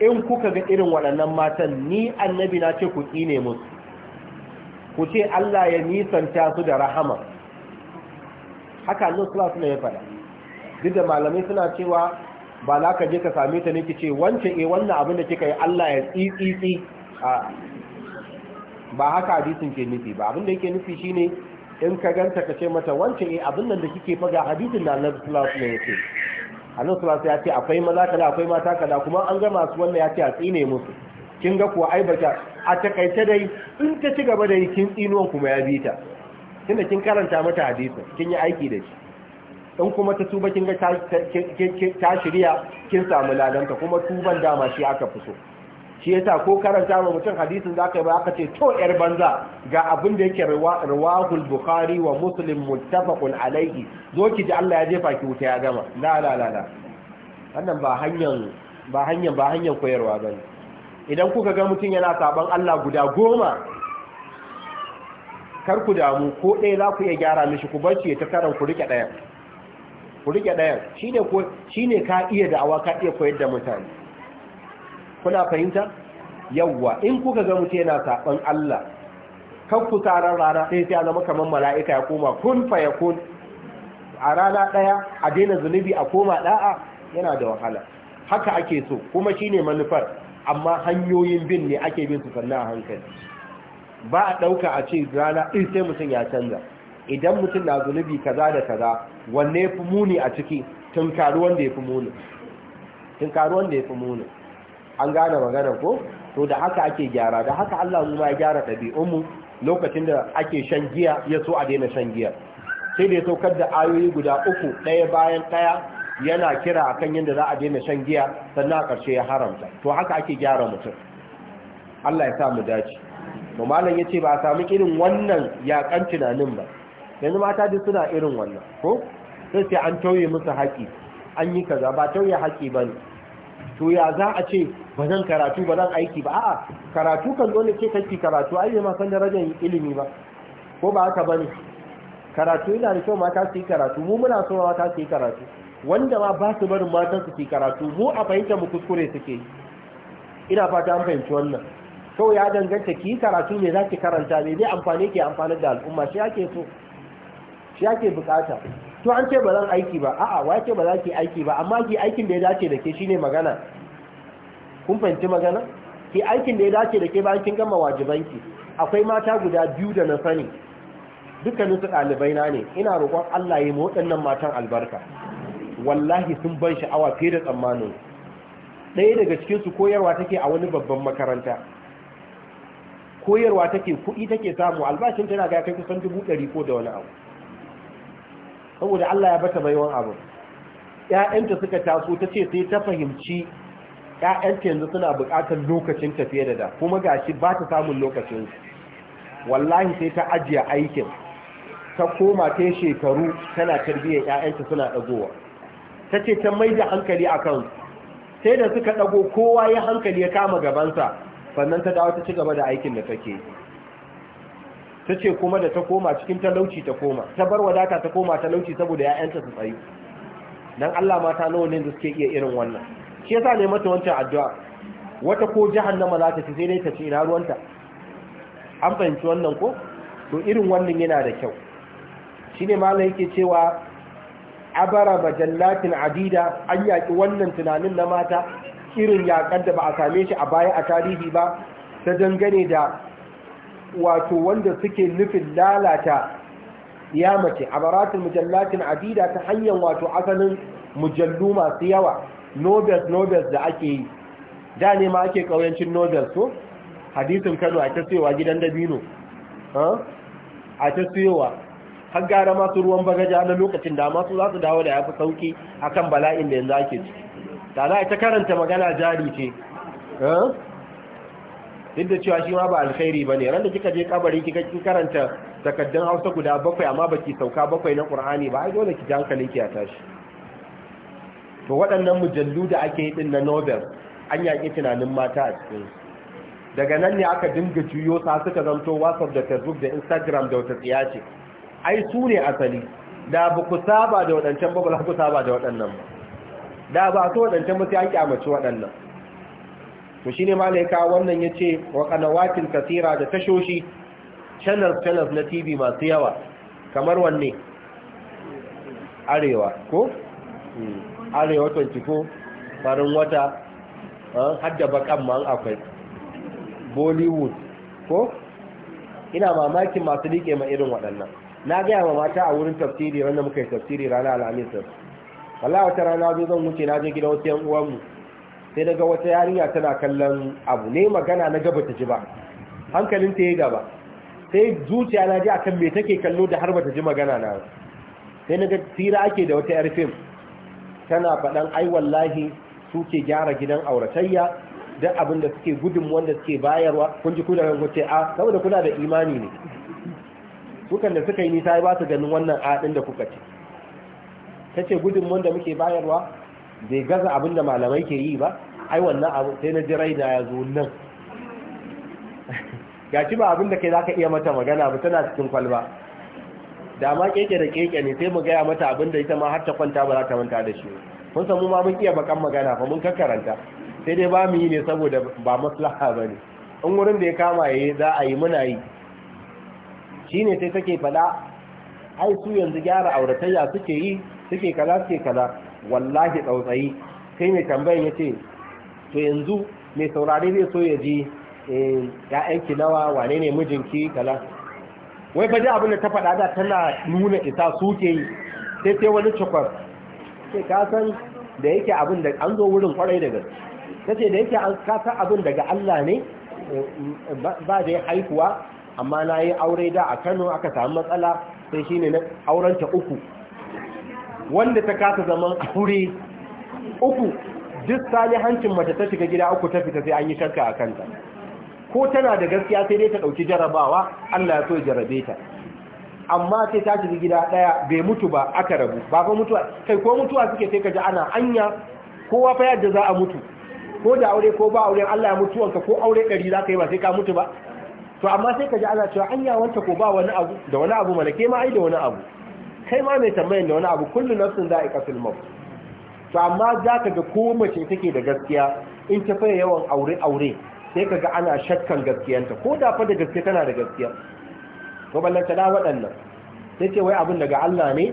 in kuka ga irin waɗannan matan ni annabi na ce ku tsine musu ku ce Allah ya nisanta su da rahama haka annan sulasulan ya faɗa duk da malamai suna cewa ba za ka je ka same ta ne ki ce wancan e eh, wannan abin da kika yi Allah ya tsitsi a ba haka hadisin ke nufi ba abin da yake nufi shine in ka ganta ka ce mata wancan eh abin nan da kike faga hadisin da Annabi sallallahu alaihi wasallam Annabi sallallahu ya ce akwai maza kala akwai mata kala kuma an ga masu wannan ya ce a tsine musu kin ga kuwa aibata a takaice dai in ta ci gaba da kin tsinuwan kuma ya bita ta tunda kin karanta mata hadisin kin yi aiki da shi in kuma ta tuba kin ga ta shirya kin samu ladanta kuma tuban dama shi aka fi so shi sa ko karanta ma mutum hadisin yi ba aka ce to yar banza ga abin da yake rawahul bukhari wa muslim muttafaqun alaihi zo ki Allah ya jefa ki wuta ya gama la la la la wannan ba hanyar ba hanyar ba hanyar koyarwa bane idan kuka ga mutum yana saban Allah guda goma kar ku damu ko ɗaya za ku iya gyara mishi ku bar ciye ta karan ku rike ɗayan ku rike shine ka iya da awa ka iya koyar da mutane kuna fahimta yawwa in kuka ga mutum yana saban Allah kan ku tarar rana sai ya zama kamar mala'ika ya koma kun fa ya kun a rana ɗaya a daina zunubi a koma ɗa'a yana da wahala haka ake so kuma shine manufar amma hanyoyin bin ne ake bin su sannan a hankali ba a ɗauka a ce rana in sai mutum ya canza idan mutum na zunubi kaza da kaza wanne ya fi muni a ciki tunkaru wanda ya fi muni an gane magana ko to da haka ake gyara da haka Allah mu ma ya gyara mu lokacin da ake shan giya ya so a daina shan giya sai da ya saukar da ayoyi guda uku ɗaya bayan ɗaya yana kira akan yadda za a daina shan giya sannan a ƙarshe ya haramta to haka ake gyara mutum Allah ya sa mu dace to malam yace ba a samu irin wannan yaƙan tunanin ba yanzu mata duk suna irin wannan ko sai sai an tauye musu haƙi an yi kaza ba tauye haƙi bane to ya za a ce ba zan karatu ba zan aiki ba a'a karatu kan dole ce kake karatu ai ma san darajar ilimi ba ko ba haka bane karatu yana da kyau mata su yi karatu mu muna so mata su yi karatu wanda ma ba su barin matan su yi karatu mu a fahimta mu kuskure suke ina fata an fahimci wannan kawai ya danganta ki karatu ne zaki karanta ne zai amfani ke amfanar da al'umma shi ake so shi ake bukata to an ce ba zan aiki ba a'a wa ce ba za ki aiki ba amma ki aikin da ya dace da ke shine magana kun fahimci magana ki aikin da ya dace da ke bayan kin gama wajibanki akwai mata guda biyu da na sani dukkanin su ɗalibai na ne ina roƙon Allah ya yi nan matan albarka wallahi sun ban sha'awa fiye da tsammanin ɗaya daga cikin su koyarwa take a wani babban makaranta koyarwa take kuɗi take samu albashin tana ga kai kusan dubu ɗari ko da wani abu saboda Allah ya bata baiwan abu 'ya'yanta suka taso ta ce sai ta fahimci 'ya'yanta yanzu suna buƙatar lokacin tafiye da da kuma gashi ba ta samun lokacin wallahi sai ta ajiye aikin ta koma ta shekaru tana tarbiyyar 'ya'yanta suna ɗagowa ta ce ta mai da hankali a kan sai da suka ɗago kowa ya hankali ya kama gabansa sannan ta dawo ta ci gaba da aikin da take yi ta ce kuma da ta koma cikin talauci ta koma ta bar wadata ta koma talauci saboda ya'yanta su tsayi Don Allah mata nawa ne da suke iya irin wannan shi yasa ne mata wancan addu'a wata ko jahannama za ta ci sai dai ta ci ina ruwanta an fahimci wannan ko to irin wannan yana da kyau shine Malam yake cewa abara majallatin adida an yaki wannan tunanin na mata irin yaƙar da ba a same shi a baya a tarihi ba ta dangane da wato wanda suke nufin lalata ya mace a baratun mujallatin adida ta hanyar wato asalin mujallu masu yawa nobels nobels da ake yi da ne ma ake ƙauyancin nobels so hadisin kano a ta siyowa gidan dabino a ta siyowa har gara masu ruwan bagaja na lokacin da masu za su dawo da ya fi sauki akan bala'in da yanzu ake ciki tana ita karanta magana jari ce duk da cewa shi ma ba alkhairi bane ran da kika je kabari kika kin karanta takaddun Hausa guda bakwai amma baki sauka bakwai na Qur'ani ba ai dole ki ji hankalin ki ya tashi to waɗannan mujallu da ake yi din na Nobel an yaƙi tunanin mata a cikin daga nan ne aka dinga juyo sa suka zanto WhatsApp da Facebook da Instagram da wata tsiyace ai su ne asali da ba ku saba da waɗancan ba ba ku saba da waɗannan ba da ba su waɗancan ba sai an kyamaci waɗannan to shi ne malaika wannan ya ce wa kanawatin kasira da tashoshi channel channel na TV masu yawa kamar wanne arewa ko hmm. arewa 24 farin wata ah, hadda bakan ma'an akwai bollywood ko ina mamakin masu liƙe ma irin waɗannan na gaya ma mata a wurin tafsiri wanda muka yi tafsiri rana al'amisar wala wata rana zo zan wuce na je gida wasu yan uwanmu sai daga wata yarinya tana kallon abu ne magana na gaba ta ji ba hankalin ta yi gaba sai zuciya na ji akan mai take kallo da har bata ji magana na sai naga tsira ake da wata yar fim tana faɗan ai wallahi ke gyara gidan auratayya da abin da suke gudun wanda suke bayarwa kun ji da wace a ah, saboda kuna da imani ne sukan da suka yi nisa ba su ganin wannan adin da kuka ce ta ce gudun wanda muke bayarwa bai gaza abin da malamai ke yi ba ai wannan abu sai na jirai da ya zo nan ci ba abin da kai zaka iya mata magana ba tana cikin kwalba da ma keke da keke ne sai mu gaya mata abin da ita ma har ta kwanta ba za ta manta da shi kun san mu ma mun iya bakan magana fa mun kakkaranta sai dai ba mu yi ne saboda ba maslaha ba ne in wurin da ya kama yayi za a yi muna yi shine sai take faɗa ai su yanzu gyara auratayya suke yi suke kaza suke kaza wallahi tsautsayi sai mai tambayin ya ce to yanzu mai saurari zai so ya ji eh, ‘ya'yanki nawa wane ne mijinki kala wai faji abin da ta faɗa da tana nuna isa suke yi sai sai wani cikon sai kasan da yake abin da an zo wurin kwarai daga da yake abin daga Allah ne eh, ba da ya haihuwa amma na yi aure da a kano aka samu matsala sai shi ne na aurenta uku wanda ta kasa zaman aure uku duk salihancin mace ta shiga gida uku ta fita sai an yi shakka a kanta ko tana da gaskiya sai dai ta ɗauki jarabawa Allah ya so jarabe ta amma sai ta shiga gida ɗaya bai mutu ba aka rabu ba fa mutuwa kai ko mutuwa suke sai ka ji ana anya kowa fa yadda za a mutu ko da aure ko ba aure Allah ya mutuwanka ko aure ɗari za ka yi ba sai ka mutu ba to amma sai ka ji ana cewa anya wanta ko ba wani abu da wani abu mana ke ma ai da wani abu kai ma mai tambayin da wani abu kullu nafsin za a ikafil maut to amma za ka ga ko mace take da gaskiya in ta faye yawan aure aure sai ka ga ana shakkan gaskiyanta ko da fa da gaskiya tana da gaskiya to ballanta da waɗannan sai ce wai abin daga Allah ne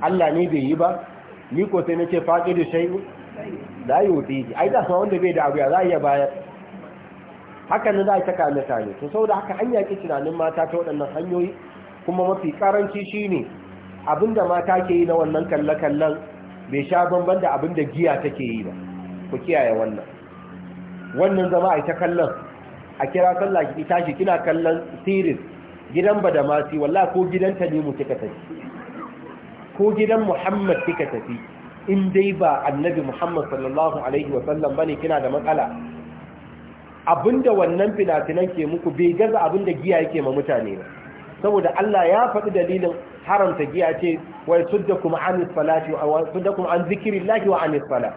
Allah ne bai yi ba ni ko sai nace faɗi da shay'u la yuti ai da wanda bai da abu ya za iya bayar hakan ne za a taka mutane to saboda haka an yaki tunanin mata ta waɗannan hanyoyi kuma mafi karanci ne. abinda mata ke yi na wannan kalle-kallen bai sha banban da abinda giya take yi ba ku kiyaye wannan wannan zama a ita kallon a kira sallah ki tashi kina kallon series gidan badamasi wallahi ko gidan tanimu kika tafi ko gidan muhammad kika tafi in dai ba annabi muhammad sallallahu alaihi wasallam bane kina da matsala abinda wannan fina-finan ke muku bai gaza abinda giya yake ma mutane ba saboda Allah ya faɗi dalilin haramta giya ce wai tuddakum an salati wa tuddakum an zikrillahi wa an salat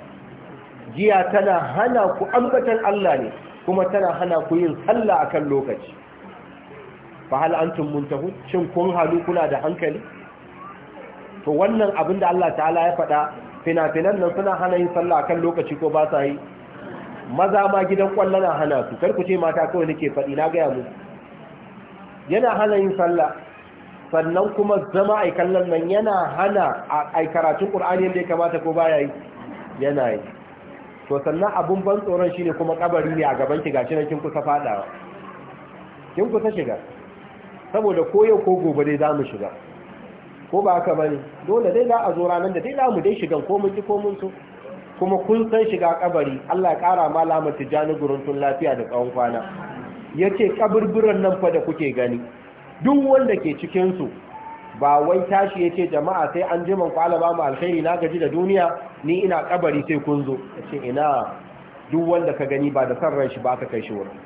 giya tana hana ku ambatan Allah ne kuma tana hana ku yin sallah akan lokaci fa hal antum muntahun shin kun halu kuna da hankali to wannan abin da Allah ta'ala ya faɗa fina-finan nan suna hana yin sallah akan lokaci ko ba sa yi maza ma gidan kwallo na hana su kar ku ce mata kawai nake faɗi na gaya mu yana hana yin sallah sannan kuma zama a kallon nan yana hana a karatun ƙur'ani yadda ya kamata ko baya yi yana yi to sannan abun ban tsoron shi ne kuma ƙabari ne a gaban ki gashi nan kin kusa faɗawa? kin kusa shiga saboda ko yau ko gobe dai mu shiga ko ba haka bane dole dai za a zo ranar da dai za mu dai shigan ko mun ki ko mun so kuma kun san shiga kabari Allah ya kara ma lamu gurin tun lafiya da tsawon kwana yace kaburburan nan fa da kuke gani duk wanda ke cikinsu ba wai tashi ya ce jama'a sai an jiman kwalaba mu alkhairi na gaji da duniya ni ina kabari sai kun zo ce ina duk wanda ka gani ba da san ranshi shi ba ka kai shi wurin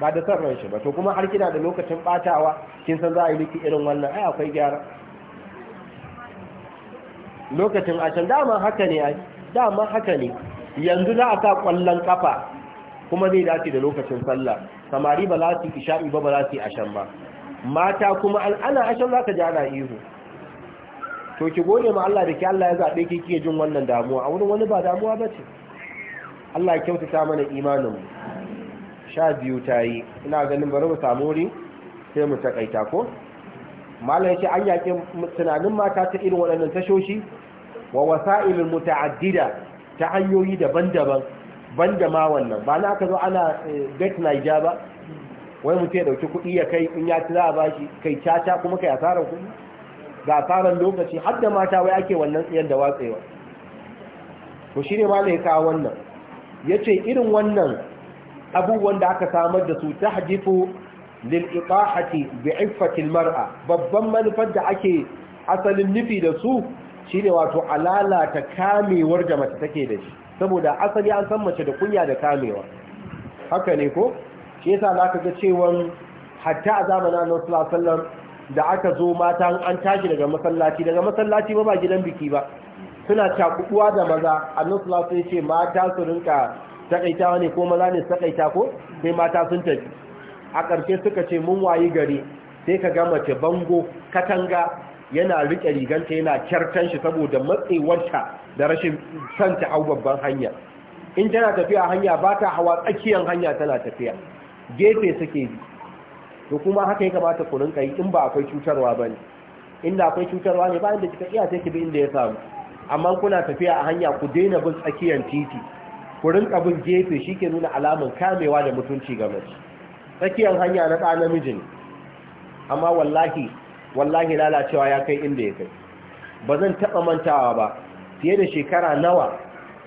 ba da san ranshi shi ba to kuma har kina da lokacin batawa kin san za a yi miki irin wannan ai akwai gyara lokacin a can dama haka ne ai dama haka ne yanzu za a sa kwallon kafa kuma zai dace da lokacin sallah samari ba za su isha'i ba ba za su ashan ba mata kuma ana ashan za ka ji ana ihu to ki gode ma Allah da ke Allah ya zaɓe ki kike jin wannan damuwa a wurin wani ba damuwa ba ce Allah ya kyautata mana imanin mu sha biyu ta yi ina ganin bari mu samu wuri sai mu takaita ko malam ce an yaƙi tunanin mata ta irin waɗannan tashoshi wa wasa'ilul muta'addida ta hanyoyi daban-daban banda ma wannan ba na aka zo ana eh, bet naija ba wai mutu ya dauki kuɗi ya kai in ya ci za a ba shi kai caca kuma kai asarar kuɗi ga asarar lokaci har da mata wai ake wannan tsayar da watsewa to shi ne ma ne ka wannan ya ce irin wannan abubuwan da aka samar da su ta hajjifu lil'iqahati bi'iffatil mar'a babban manufar da ake asalin nufi da su ne wato ta kamewar da mace take da shi saboda asali an san mace da kunya da kamewa haka ne ko shi yasa zaka ga cewa hatta a zamanin Annabi da aka zo mata an tashi daga masallaci daga masallaci ba ba gidan biki ba suna cakuduwa da maza Annabi sallallahu alaihi ce mata su rinka takaita ne ko maza ne takaita ko sai mata sun tafi a ƙarshe suka ce mun wayi gari sai ka ga mace bango katanga yana rike riganta yana kyartan shi saboda matsewarta da rashin santa hau babban hanya in tana tafiya hanya ba ta hawa tsakiyar hanya tana tafiya gefe suke bi to kuma haka ya kamata ku kai in ba akwai cutarwa ba ne inda akwai cutarwa ne bayan da kika iya sai ki bi inda ya samu amma kuna tafiya a hanya ku daina bin tsakiyar titi ku rinka bin gefe shi ke nuna alamun kamewa da mutunci ga mace tsakiyar hanya na ɗa namiji ne amma wallahi wallahi lalacewa ya kai inda ya kai ba zan taɓa mantawa ba fiye da shekara nawa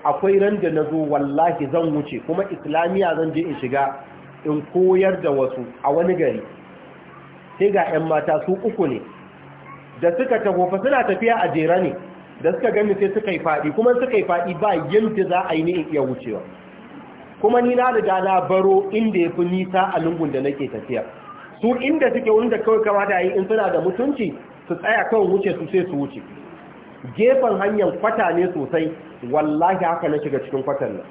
akwai ran da na zo wallahi zan wuce kuma islamiyya zan je in shiga in koyar da wasu a wani gari sai ga 'yan mata su uku ne da suka taho fa suna tafiya a jera ne da suka gani sai suka yi faɗi kuma suka yi faɗi ba yadda za a yi ne in iya wucewa kuma ni na riga na baro inda ya fi nisa a lungun da nake tafiya su inda suke wanda da kawai kamata yi in suna da mutunci su tsaya kawai wuce su sai su wuce gefen hanyar kwata ne sosai wallahi haka na shiga cikin kwatan nan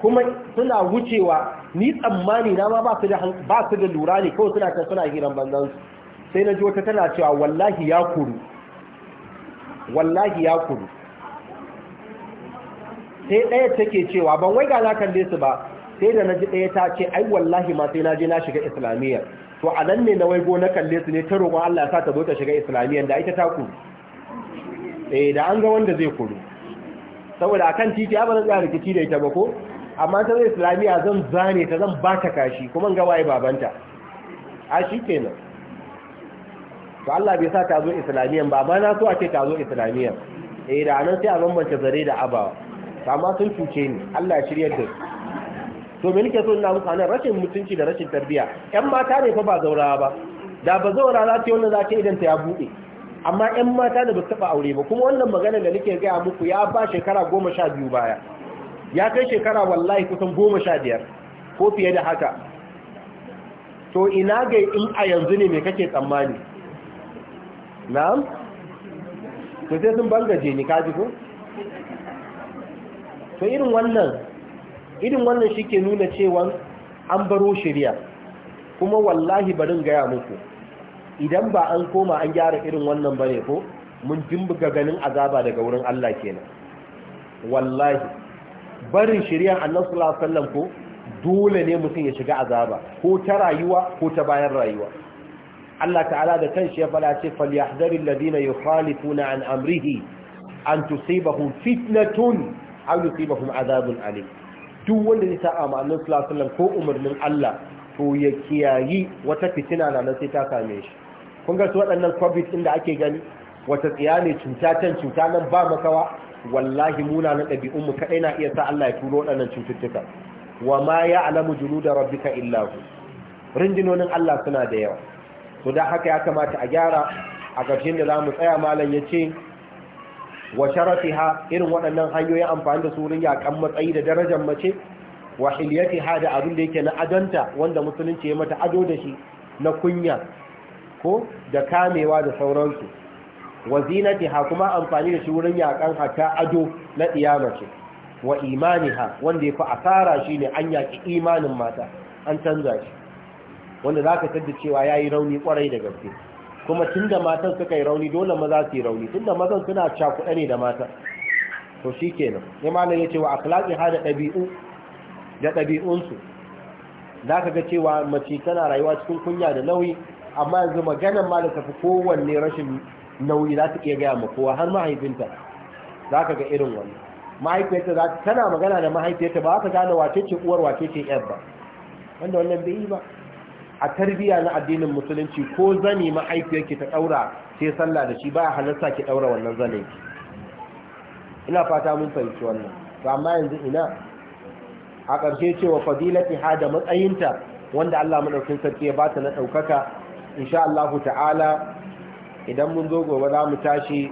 kuma suna wucewa ni tsammani na ma ba su da lura ne kawai suna kan suna hiran banzan su sai na ji wata tana cewa wallahi ya kuru wallahi ya kuru sai ɗaya take cewa ban wai ga na kalle su ba sai da na ji ɗaya ta ce ai wallahi ma sai na je na shiga islamiyya to a nan ne na waigo na kalle su ne ta roƙon Allah ya sa ta zo ta shiga islamiyya da ita ta kuru eh da an ga wanda zai kuru saboda akan titi ba zan tsaya rikici da ita ba ko amma ta zai islamiyya zan zane ta zan ba ta kashi kuma ga waye babanta a shi kenan to Allah bai sa ta zo islamiyyan ba ba na so a ce ta zo islamiyyan eh da nan sai a bambance zare da abawa amma sun cuce ni Allah ya shiryar da su to me nake so ina musu anan rashin mutunci da rashin tarbiya ƴan mata ne fa ba zaura ba da ba zaura za ta yi wannan za ta idan ta ya buɗe amma ƴan mata da ba taɓa aure ba kuma wannan magana da nake gaya muku ya ba shekara goma sha biyu baya ya kai shekara wallahi kusan goma sha biyar ko fiye da haka to ina ga in a yanzu ne me kake tsammani na'am to sai sun bangaje ni ji ko to irin wannan irin wannan shi ke nuna cewa an baro shirya kuma wallahi barin gaya muku idan ba an koma an gyara irin wannan bane ko mun jimbuga ganin azaba daga wurin Allah kenan wallahi barin shirya annabi sallallahu alaihi ko dole ne mutum ya shiga azaba ko ta rayuwa ko ta bayan rayuwa Allah ta'ala da kanshi ya fada ce falyahdharil ladina yukhalifuna an amrihi an tusibahum fitnatun aw yusibahum azabun alim duk wanda ya sa'a ma annabi sallallahu alaihi ko umarnin Allah to ya kiyayi wata fitina na nan sai ta same shi kun ga su waɗannan covid din da ake gani wata tsiya ne cuta can cuta nan ba makawa wallahi muna na ɗabi'un mu kaɗai na iya sa Allah ya turo waɗannan cututtuka wa ma ya'lamu junuda rabbika illa hu rinjinonin Allah suna da yawa to da haka ya kamata a gyara a ƙarshen da zamu tsaya malam yace wa sharafiha irin waɗannan hanyoyin amfani da su wurin yakan matsayi da darajar mace wa hilyatiha da abin da yake na adanta wanda musulunci ya mata ado da shi na kunya ko da kamewa da sauransu wa zinatiha kuma amfani da shi wurin yakan hatta ado na ce wa imaniha wanda ya fi asara shine an yaki imanin mata an canza shi wanda zaka tada cewa ya yi rauni kwarai da gaske kuma tun da matan suka yi rauni dole maza su yi rauni Tun da mazan suna cakuɗa ne da mata to shi kenan nan imanin ya ce wa akhlaqi ha da ɗabi'u da ɗabi'unsu za ka ga cewa mace tana rayuwa cikin kunya da nauyi amma yanzu maganar da tafi kowanne rashin nauyi za ta iya gaya ma kowa har mahaifinta za ka ga irin wani mahaifiyarta za tana magana da mahaifiyarta ba za ka gane wace uwar wace ce yar ba wanda wannan bai yi ba a tarbiya na addinin musulunci ko zani mahaifiyarki ta daura sai sallah da shi ba halarta ki daura wannan zanin ina fata mun fahimci wannan to amma yanzu ina a ƙarshe cewa fadilati ha da matsayinta wanda Allah madaukakin sarki ya ba ta na daukaka insha Allah ta'ala idan mun zo gobe za mu tashi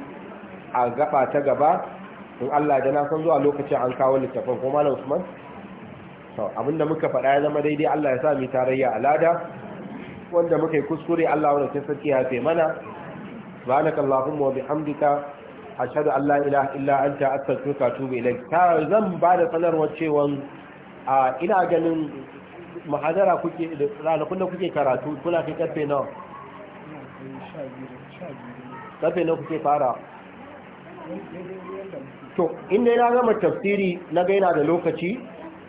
a gaba ta gaba in Allah da na san zuwa lokacin an kawo littafin ko malam Usman to abinda muka faɗa ya zama daidai Allah ya sa mu tarayya alada wanda muka yi kuskure Allah wanda ta saki ya mana subhanaka allahumma wa bihamdika ashhadu an la ilaha illa anta astaghfiruka wa atubu ilaik ta zan ba da sanarwa cewa ina ganin muhadara kuke ranakun da kuke karatu kuna kai karfe nawa karfe nawa kuke fara to inda na gama tafsiri na gaina da lokaci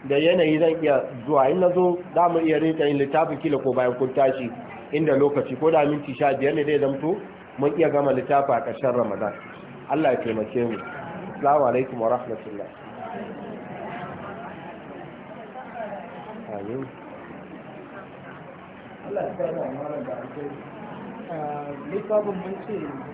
da yanayi zan iya zuwa in na zo za mu iya rinka yin littafin kila ko bayan kun tashi inda lokaci ko da minti sha biyar ne zai zamto mun iya gama littafi a ƙarshen ramadan allah ya taimake mu assalamu alaikum wa rahmatullah amin Allah ya da littafin ah, mun ce